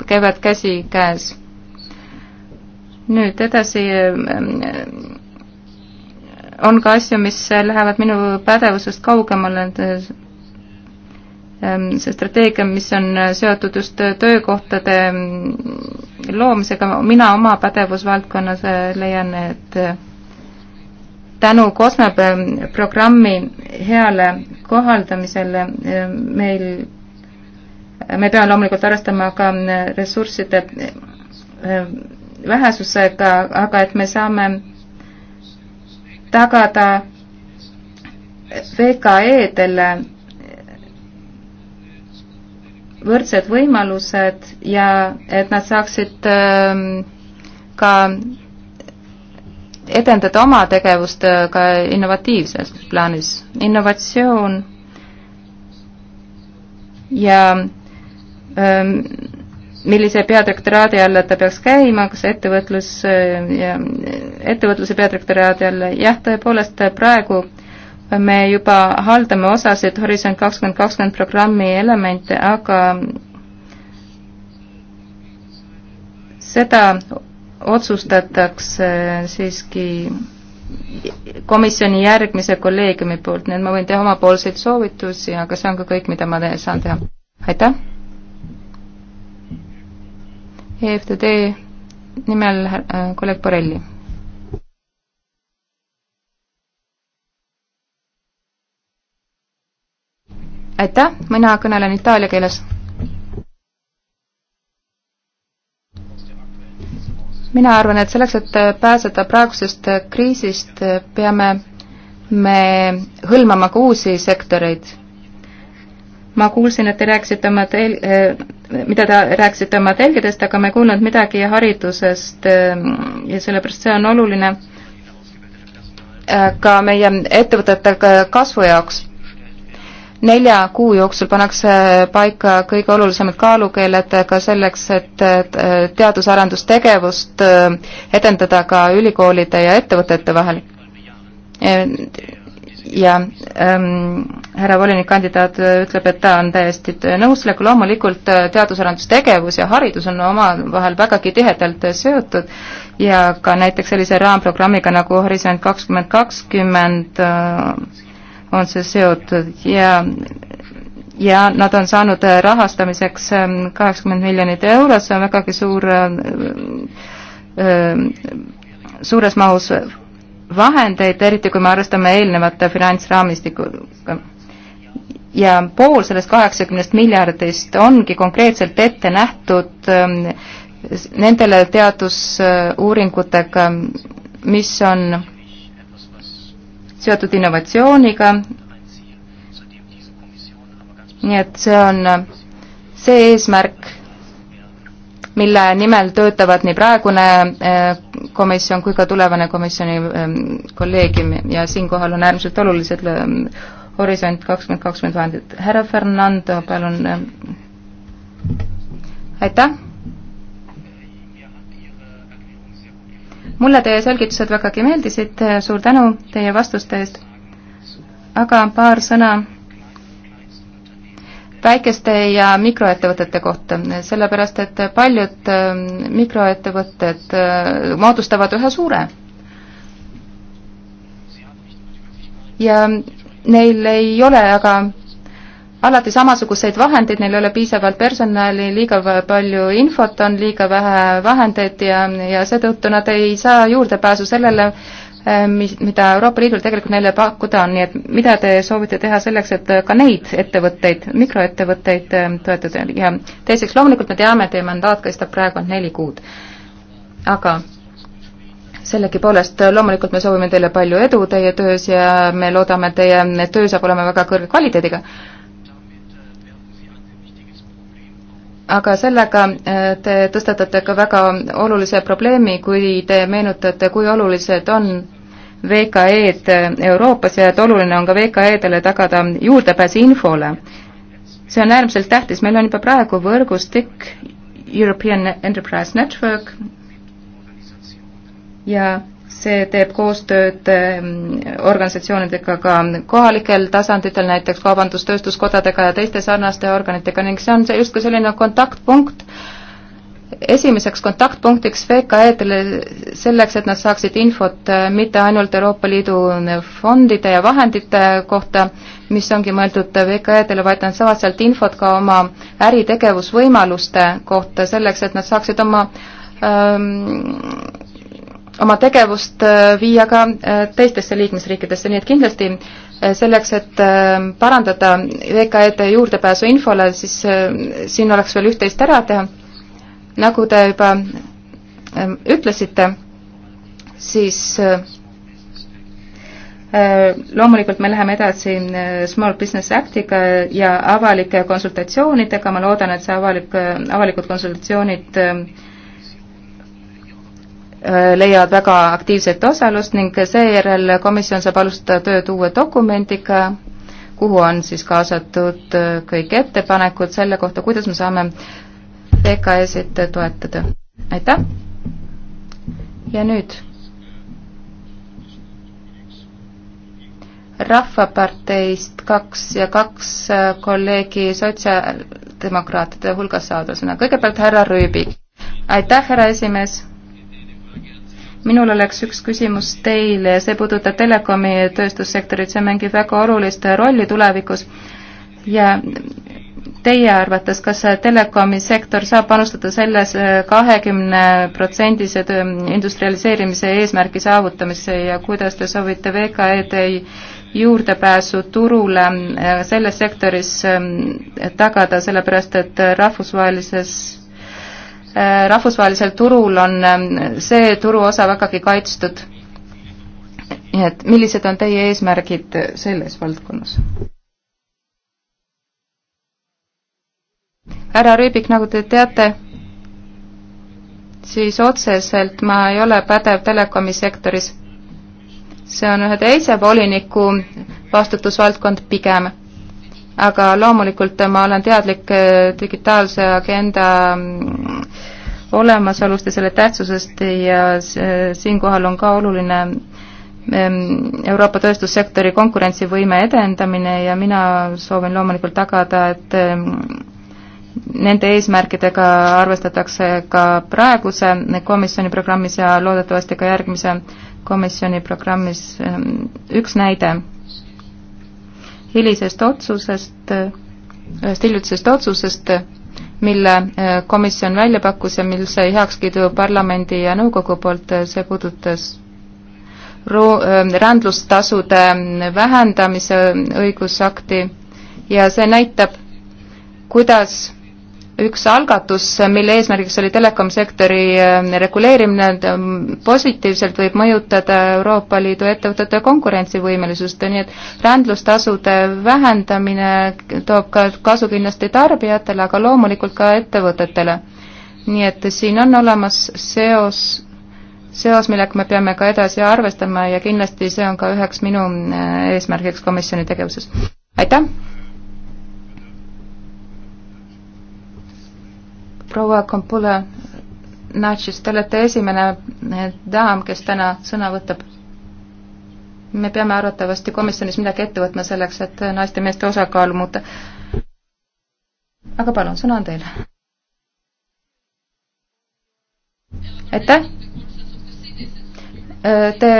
Speaker 3: käivad käsikäes. nüüd edasi ähm, on ka asju, mis lähevad minu pädevusest kaugemale, et Ehm, see strateegia, mis on äh, seotud just äh, töökohtade mm, loomisega, mina oma pädevusvaldkonnas äh, leian, et tänu COSME ehm, programmi heale kohaldamisele ehm, meil, me peame loomulikult arvestama ka mm, ressursside vähesusega, aga et me saame tagada VKE-dele võrdsed võimalused ja et nad saaksid ähm, ka edendada oma tegevust äh, ka innovatiivses plaanis. innovatsioon ja ähm, millise peadirektoraadi alla ta peaks käima, kas ettevõtlus äh, ja ettevõtluse peadirektoraadi alla, jah, tõepoolest äh, praegu me juba haldame osasid Horisont kakskümmend kakskümmend programmi elemente, aga seda otsustatakse siiski komisjoni järgmise kolleegiumi poolt, nii et ma võin teha omapoolseid soovitusi, aga see on ka kõik, mida ma teen, saan teha. aitäh! EFTD nimel äh, kolleeg Borrelli aitäh, mina kõnelen itaalia keeles. mina arvan, et selleks, et pääseda praegusest kriisist, peame me hõlmama ka uusi sektoreid. ma kuulsin, et te rääkisite oma tel-, eh, mida te rääkisite oma telgedest, aga ma ei kuulnud midagi haridusest eh, ja sellepärast see on oluline eh, ka meie ettevõtete kasvu jaoks nelja kuu jooksul pannakse paika kõige olulisemad kaalukeeled ka selleks, et teadus-arendustegevust äh, edendada ka ülikoolide ja ettevõtete vahel. ja ähm, härra volinikkandidaat ütleb, et ta on täiesti nõus sellega, loomulikult äh, teadus-arendustegevus ja haridus on omavahel vägagi tihedalt äh, seotud ja ka näiteks sellise raamprogrammiga nagu Horisont kakskümmend kakskümmend on see seotud ja ja nad on saanud äh, rahastamiseks ähm, kaheksakümmend miljonit eurot, see on vägagi suur, ähm, ähm, suures mahus vahendeid, eriti kui me arvestame eelnevate finantsraamistikuga. ja pool sellest kaheksakümnest miljardist ongi konkreetselt ette nähtud nendele teadusuuringutega, mis on seotud innovatsiooniga. nii et see on see eesmärk, mille nimel töötavad nii praegune eh, komisjon kui ka tulevane komisjoni eh, kolleegium ja siinkohal on äärmiselt olulised eh, Horisont kakskümmend kakskümmend vahendid. härra Fernando, palun. aitäh mulle teie selgitused vägagi meeldisid, suur tänu teie vastuste eest. aga paar sõna väikeste ja mikroettevõtete kohta, sellepärast et paljud ähm, mikroettevõtted äh, moodustavad ühe suure. ja neil ei ole aga alati samasuguseid vahendeid, neil ei ole piisavalt personali, liiga palju infot on, liiga vähe vahendeid ja, ja seetõttu nad ei saa juurdepääsu sellele, eh, mis, mida Euroopa Liidul tegelikult neile pakkuda on, nii et mida te soovite teha selleks, et ka neid ettevõtteid, mikroettevõtteid eh, toetada ja teiseks, loomulikult me teame, teie mandaat kestab praegu ainult neli kuud. aga sellegipoolest loomulikult me soovime teile palju edu teie töös ja me loodame, et teie töö saab olema väga kõrge kvaliteediga aga sellega äh, te tõstatate ka väga olulise probleemi, kui te meenutate, kui olulised on VKE-d äh, Euroopas ja et oluline on ka VKE-dele tagada juurdepääs infole. see on äärmiselt tähtis, meil on juba praegu võrgustik European Enterprise Network ja see teeb koostööd ähm, organisatsioonidega ka kohalikel tasanditel, näiteks kaubandus-tööstuskodadega ja teiste sarnaste organitega ning see on see justkui selline kontaktpunkt, esimeseks kontaktpunktiks VKE-dele selleks, et nad saaksid infot äh, mitte ainult Euroopa Liidu äh, fondide ja vahendite kohta, mis ongi mõeldud VKE-dele, vaid nad saavad sealt infot ka oma äritegevusvõimaluste kohta, selleks et nad saaksid oma ähm, oma tegevust äh, viia ka äh, teistesse liikmesriikidesse, nii et kindlasti äh, selleks, et parandada VKE-de juurdepääsu infole, siis siin oleks veel üht-teist ära teha. nagu te juba ähm, ütlesite, siis loomulikult me läheme edasi Small Business Actiga ja avalike konsultatsioonidega, ma loodan, et see avalik, avalikud konsultatsioonid äh, Äh, leiavad väga aktiivset osalust ning seejärel komisjon saab alustada tööd uue dokumendiga, kuhu on siis kaasatud äh, kõik ettepanekud selle kohta, kuidas me saame VKS-it toetada. aitäh! ja nüüd? rahvaparteist kaks ja kaks äh, kolleegi sotsiaaldemokraatide hulgas saada sõna. kõigepealt härra Rüübik. aitäh, härra esimees! minul oleks üks küsimus teile ja see puudutab telekomi tööstussektorit, see mängib väga olulist rolli tulevikus ja teie arvates, kas telekomi sektor saab panustada selles kahekümneprotsendise industrialiseerimise eesmärgi saavutamisse ja kuidas te soovite VKE-d juurdepääsu turule selles sektoris tagada, sellepärast et rahvusvahelises Äh, rahvusvahelisel turul on ähm, see turuosa vägagi kaitstud. nii et millised on teie eesmärgid selles valdkonnas? härra Rüübik, nagu te teate, siis otseselt ma ei ole pädev telekomi sektoris. see on ühe teise voliniku vastutusvaldkond pigem aga loomulikult ma olen teadlik äh, digitaalse agenda mm, olemasolust ja selle tähtsusest ja siinkohal on ka oluline mm, Euroopa tööstussektori konkurentsivõime edendamine ja mina soovin loomulikult tagada, et mm, nende eesmärkidega arvestatakse ka praeguse komisjoni programmis ja loodetavasti ka järgmise komisjoni programmis üks näide hilisest otsusest, ühest hiljutisest otsusest, mille äh, komisjon välja pakkus ja mil sai heakskiidu parlamendi ja nõukogu poolt, äh, see puudutas ru-, äh, rändlustasude mm, vähendamise õigusakti ja see näitab, kuidas üks algatus, mille eesmärgiks oli telekomsektori ähm, reguleerimine, ähm, positiivselt võib mõjutada Euroopa Liidu ettevõtete konkurentsivõimelisust, nii et rändlustasude vähendamine toob ka kasu kindlasti tarbijatele, aga loomulikult ka ettevõtetele. nii et siin on olemas seos, seos, millega me peame ka edasi arvestama ja kindlasti see on ka üheks minu äh, eesmärgiks komisjoni tegevuses. aitäh! proua Kampula Natsis, te olete esimene eh, daam, kes täna sõna võtab. me peame arvatavasti komisjonis midagi ette võtma selleks, et naiste ja meeste osakaalu muuta. aga palun, sõna on teil. aitäh. Eh, te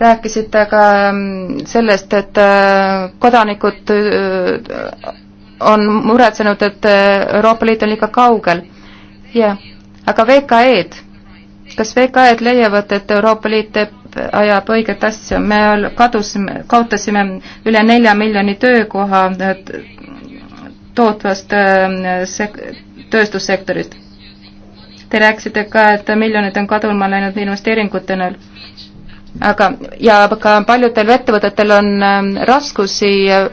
Speaker 3: rääkisite ka mm, sellest, et eh, kodanikud on muretsenud, et äh, Euroopa Liit on liiga kaugel. jah, aga VKE-d, kas VKE-d leiavad, et Euroopa Liit teeb, ajab õiget asja, me kadusime, kaotasime üle nelja miljoni töökoha tootvast äh, sek-, tööstussektorist. Te rääkisite ka, et miljonid on kaduma läinud investeeringutena aga, ja ka paljudel ettevõtetel on ähm, raskusi äh,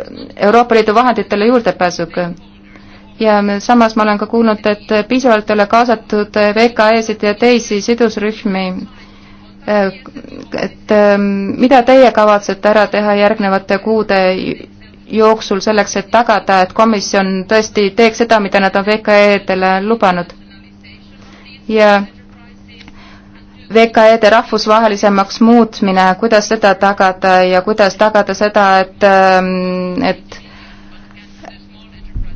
Speaker 3: Euroopa Liidu vahenditele juurdepääsuga. ja samas ma olen ka kuulnud, et piisavalt ei ole kaasatud äh, VKE-sid ja teisi sidusrühmi. Äh, et ähm, mida teie kavatsete ära teha järgnevate kuude jooksul selleks, et tagada, et komisjon tõesti teeks seda, mida nad on VKE-dele lubanud? ja VKE-de rahvusvahelisemaks muutmine, kuidas seda tagada ja kuidas tagada seda, et, ähm, et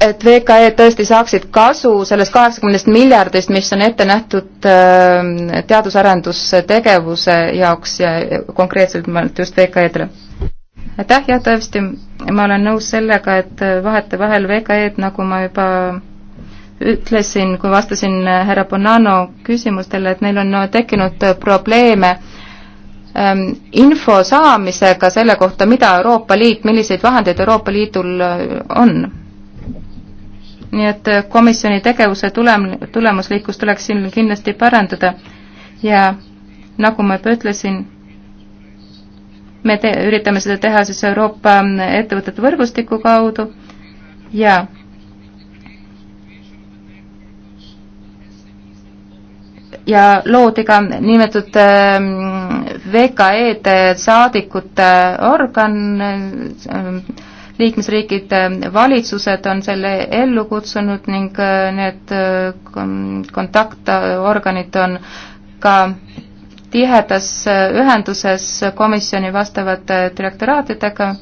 Speaker 3: et VKE-d tõesti saaksid kasu sellest kaheksakümnest miljardist, mis on ette nähtud ähm, teadus-arendustegevuse jaoks ja konkreetselt just VKE-dele? aitäh, jah, tõesti, ma olen nõus sellega, et vahetevahel VKE-d, nagu ma juba ütlesin, kui vastasin härra Bonanno küsimustele, et neil on tekkinud probleeme ähm, info saamisega selle kohta, mida Euroopa Liit, milliseid vahendeid Euroopa Liidul äh, on. nii et äh, komisjoni tegevuse tulem-, tulemuslikkust tuleks siin kindlasti parandada ja nagu ma juba ütlesin, me te-, üritame seda teha siis Euroopa ähm, ettevõtete võrgustiku kaudu ja ja loodi ka nimetatud ähm, VKE-de saadikute organ, ähm, liikmesriikide valitsused on selle ellu kutsunud ning äh, need äh, kontaktorganid on ka tihedas äh, ühenduses komisjoni vastavate direktoraatidega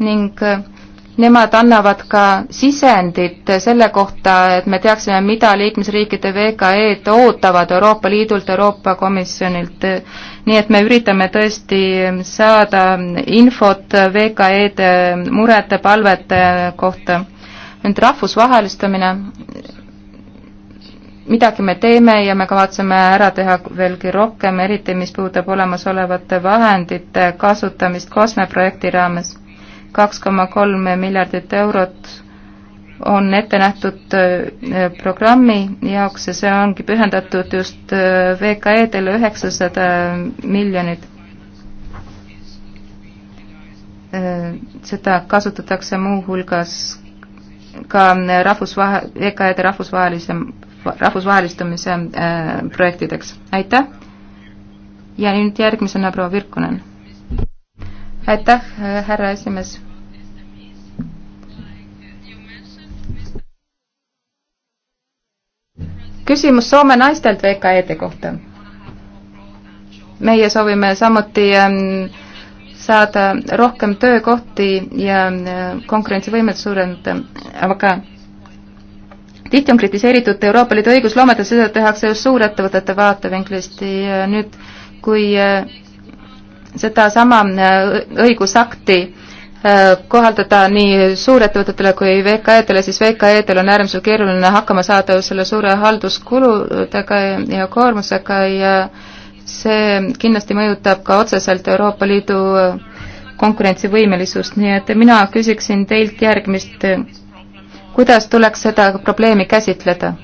Speaker 3: ning nemad annavad ka sisendit selle kohta, et me teaksime, mida liikmesriikide VKE-d ootavad Euroopa Liidult, Euroopa Komisjonilt. nii et me üritame tõesti saada infot VKE-de murede, palvete kohta. nüüd rahvusvahelistamine, midagi me teeme ja me kavatseme ära teha veelgi rohkem, eriti mis puudutab olemasolevate vahendite kasutamist COSME projekti raames kaks koma kolm miljardit eurot on ette nähtud äh, programmi jaoks ja see ongi pühendatud just äh, VKE-dele üheksasada miljonit. Äh, seda kasutatakse muuhulgas ka rahvusvahe, VKE-de rahvusvahelise, rahvusvahelistumise projektideks. aitäh! ja nüüd järgmisena proua Virkunen aitäh, härra esimees. küsimus Soome naistelt VKE-de kohta. meie soovime samuti ähm, saada rohkem töökohti ja äh, konkurentsivõimet suurendada, aga tihti on kritiseeritud Euroopa Liidu õigusloomet ja seda tehakse just suurettevõtete vaatevinklist ja nüüd, kui äh, sedasama äh, õigusakti äh, kohaldada nii suurettevõtetele kui VKE-dele, siis VKE-del on äärmiselt keeruline hakkama saada selle suure halduskuludega ja koormusega ja see kindlasti mõjutab ka otseselt Euroopa Liidu äh, konkurentsivõimelisust, nii et mina küsiksin teilt järgmist, kuidas tuleks seda probleemi käsitleda?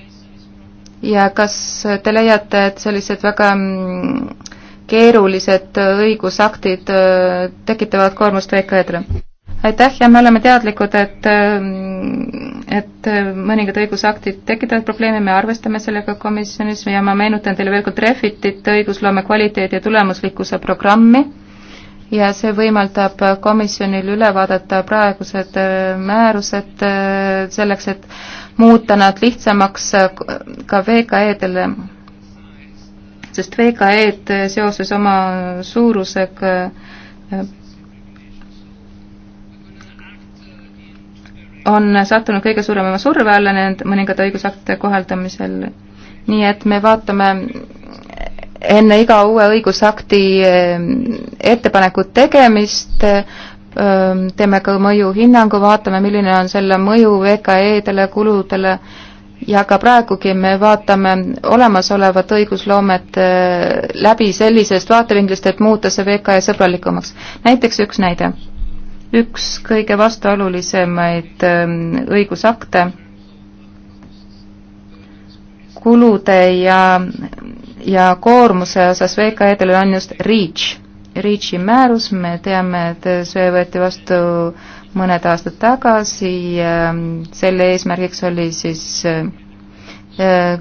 Speaker 3: ja kas te leiate, et sellised väga mm, keerulised õigusaktid äh, tekitavad koormust VKE-dele. aitäh ja me oleme teadlikud, et, äh, et äh, mõningad õigusaktid tekitavad probleeme, me arvestame sellega komisjonis ja ma meenutan teile veel kord Refitit, õigusloome kvaliteedi ja tulemuslikkuse programmi, ja see võimaldab komisjonil üle vaadata praegused määrused selleks, et muuta nad lihtsamaks ka VKE-dele sest VKE-d seoses oma suurusega on sattunud kõige suurema surve alla need mõningate õigusaktide kohaldamisel. nii et me vaatame enne iga uue õigusakti eh, ettepaneku tegemist, eh, teeme ka mõjuhinnangu, vaatame, milline on selle mõju VKE-dele, kuludele äh,, ja ka praegugi me vaatame olemasolevat õigusloomet äh, läbi sellisest vaatevinklist, et muuta see VKE sõbralikumaks. näiteks üks näide. üks kõige vastuolulisemaid ähm, õigusakte kulude ja, ja koormuse osas VKE-del on just REACH. REACH-i määrus, me teame, et see võeti vastu mõned aastad tagasi, ähm, selle eesmärgiks oli siis äh,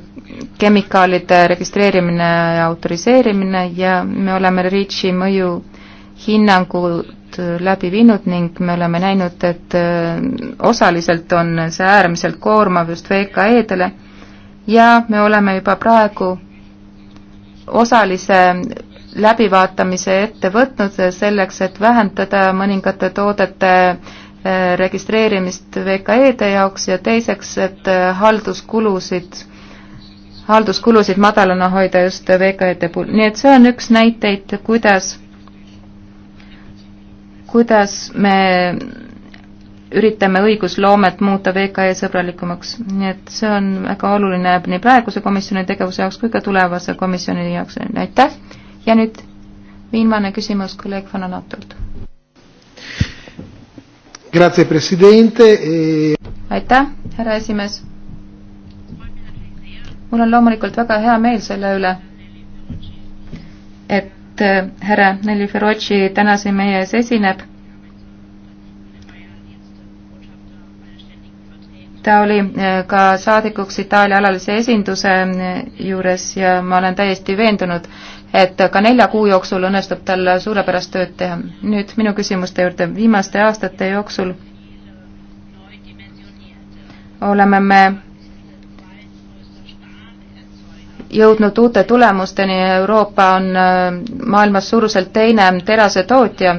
Speaker 3: kemikaalide registreerimine ja autoriseerimine ja me oleme REACH-i mõju hinnangud läbi viinud ning me oleme näinud, et äh, osaliselt on see äärmiselt koormav just VKE-dele ja me oleme juba praegu osalise läbivaatamise ette võtnud selleks, et vähendada mõningate toodete äh, Äh, registreerimist VKE-de jaoks ja teiseks, et äh, halduskulusid, halduskulusid madalana hoida just VKE-de puhul. nii et see on üks näiteid, kuidas, kuidas me üritame õigusloomet muuta VKE sõbralikumaks. nii et see on väga oluline nii praeguse komisjoni tegevuse jaoks kui ka tulevase komisjoni jaoks. aitäh ja nüüd viimane küsimus kolleeg Vananatult
Speaker 2: E
Speaker 3: aitäh, härra esimees. mul on loomulikult väga hea meel selle üle, et äh, härra Nelli Ferrocci täna siin meie ees esineb. ta oli äh, ka saadikuks Itaalia alalise esinduse äh, juures ja ma olen täiesti veendunud, et ka nelja kuu jooksul õnnestub tal suurepärast tööd teha. nüüd minu küsimuste juurde, viimaste aastate jooksul oleme me jõudnud uute tulemusteni, Euroopa on äh, maailmas suuruselt teine terasetootja,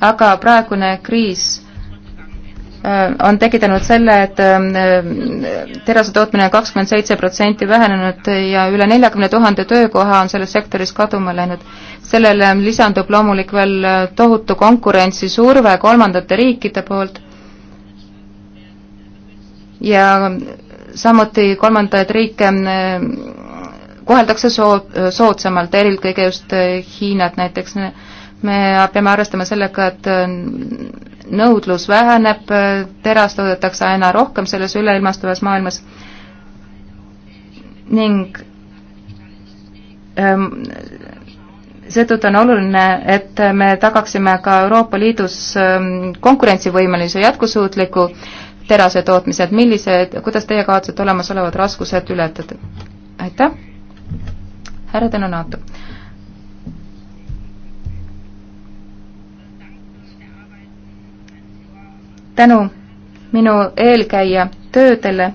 Speaker 3: aga praegune kriis Äh, on tekitanud selle, et äh, terase tootmine on kakskümmend seitse protsenti vähenenud ja üle neljakümne tuhande töökoha on selles sektoris kaduma läinud. sellele lisandub loomulik veel äh, tohutu konkurentsisurve kolmandate riikide poolt ja samuti kolmandaid riike koheldakse soo-, soodsamalt, eelkõige just Hiinat näiteks, me peame arvestama sellega, et nõudlus väheneb, terast toodetakse aina rohkem selles üleilmastuvas maailmas ning ähm, seetõttu on oluline, et me tagaksime ka Euroopa Liidus ehm, konkurentsivõimelise jätkusuutliku terase tootmise, et millised, kuidas teie kavatsete olemasolevad raskused ületada? aitäh, härra Denonato. tänu minu eelkäija töödele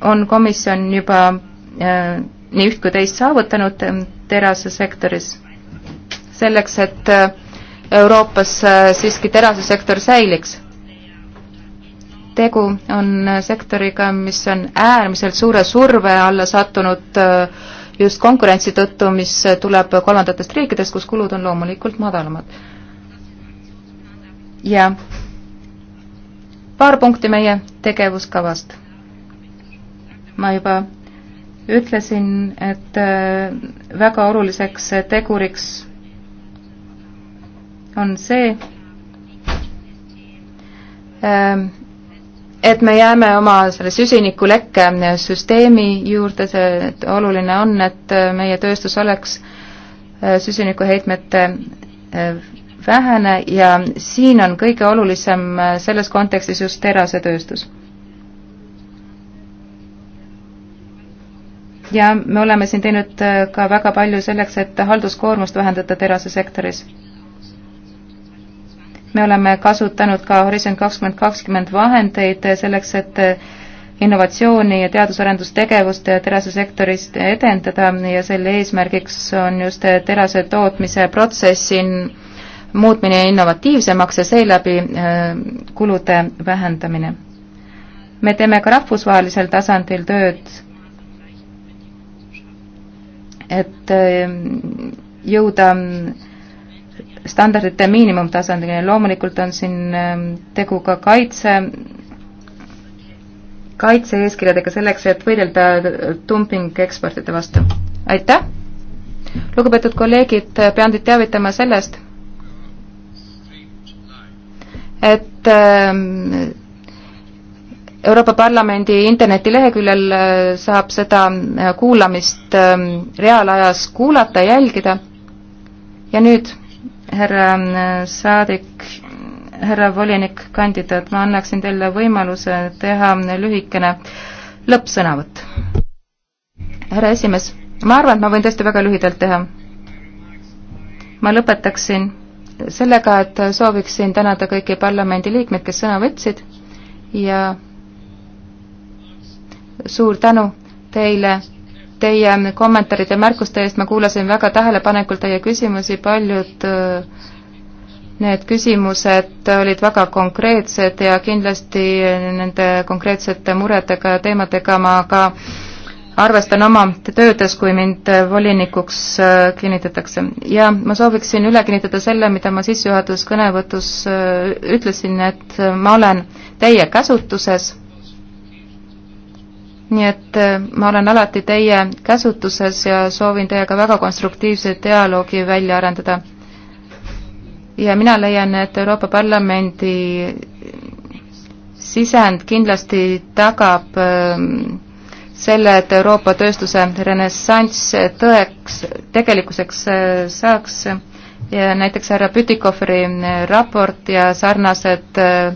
Speaker 3: on komisjon juba äh, nii üht kui teist saavutanud ähm, terasesektoris. selleks, et äh, Euroopas äh, siiski terasesektor säiliks. tegu on äh, sektoriga, mis on äärmiselt suure surve alla sattunud äh, just konkurentsi tõttu, mis äh, tuleb kolmandatest riikidest, kus kulud on loomulikult madalamad. ja paar punkti meie tegevuskavast. ma juba ütlesin, et äh, väga oluliseks teguriks on see, ähm, et me jääme oma selle süsinikulekke süsteemi juurde, see oluline on, et äh, meie tööstus oleks äh, süsinikuheitmete vähene ja siin on kõige olulisem äh, selles kontekstis just terasetööstus. ja me oleme siin teinud äh, ka väga palju selleks, et halduskoormust vähendada terasesektoris. me oleme kasutanud ka Horisont kakskümmend kakskümmend vahendeid äh, selleks, et innovatsiooni ja teadus-arendustegevust terasesektoris edendada ja selle eesmärgiks on just terase tootmise protsessi muutmine innovatiivsemaks ja seeläbi äh, kulude vähendamine. me teeme ka rahvusvahelisel tasandil tööd, et äh, jõuda standardite miinimumtasandini, loomulikult on siin ähm, tegu ka kaitse, kaitse-eeskirjadega selleks, et võidelda dumping eksportide vastu. aitäh! lugupeetud kolleegid, pean teid teavitama sellest, et ähm, Euroopa Parlamendi internetileheküljel äh, saab seda äh, kuulamist ähm, reaalajas kuulata, jälgida. ja nüüd, härra ähm, saadik, härra volinikkandidaat, ma annaksin teile võimaluse teha lühikene lõppsõnavõtt. härra esimees, ma arvan, et ma võin tõesti väga lühidalt teha. ma lõpetaksin sellega, et sooviksin tänada kõiki parlamendiliikmeid, kes sõna võtsid ja suur tänu teile teie kommentaaride ja märkuste eest, ma kuulasin väga tähelepanelikult teie küsimusi, paljud äh, need küsimused olid väga konkreetsed ja kindlasti nende konkreetsete muredega ja teemadega ma ka äh, arvestan oma töödes, kui mind äh, volinikuks äh, kinnitatakse. ja ma sooviksin üle kinnitada selle, mida ma sissejuhatuses kõnevõtus äh, ütlesin, et ma olen teie käsutuses, nii et ma olen alati teie käsutuses ja soovin teiega väga konstruktiivse dialoogi välja arendada. ja mina leian, et Euroopa Parlamendi sisend kindlasti tagab äh, selle, et Euroopa tööstuse renessanss tõeks, tegelikkuseks äh, saaks ja näiteks härra Pütikoferi äh, raport ja sarnased äh,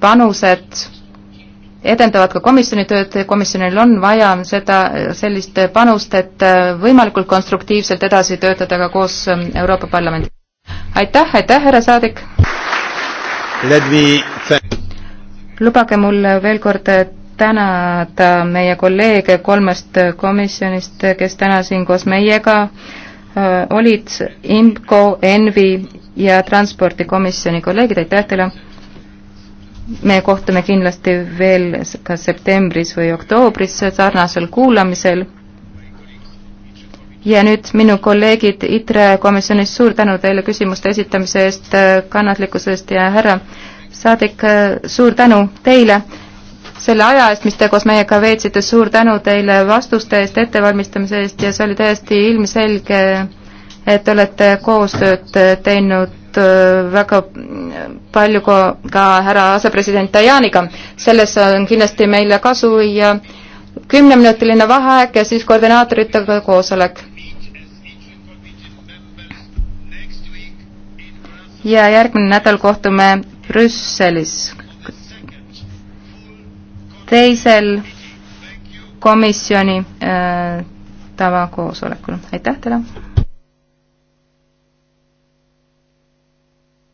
Speaker 3: panused edendavad ka komisjoni tööd, komisjonil on vaja seda, sellist panust, et võimalikult konstruktiivselt edasi töötada ka koos ähm, Euroopa Parlamendiga. aitäh, aitäh, härra saadik! lubage mul veel kord tänada meie kolleege kolmest komisjonist, kes täna siin koos meiega äh, olid, IMCO, ENVI ja Transpordikomisjoni kolleegid, aitäh teile! me kohtume kindlasti veel ka septembris või oktoobris sarnasel kuulamisel ja nüüd minu kolleegid ITRE komisjonist, suur tänu teile küsimuste esitamise eest, kannatlikkusest ja härra saadik, suur tänu teile! selle aja eest, mis te koos meiega veetsite, suur tänu teile vastuste eest, ettevalmistamise eest ja see oli täiesti ilmselge, et te olete koostööd teinud äh, väga palju ka, ka härra asepresident Tajaniga. selles on kindlasti meile kasu ja kümneminutiline vaheaeg ja siis koordinaatoritega koosolek. ja järgmine nädal kohtume Brüsselis teisel komisjoni äh, tavakoosolekul. aitäh teile!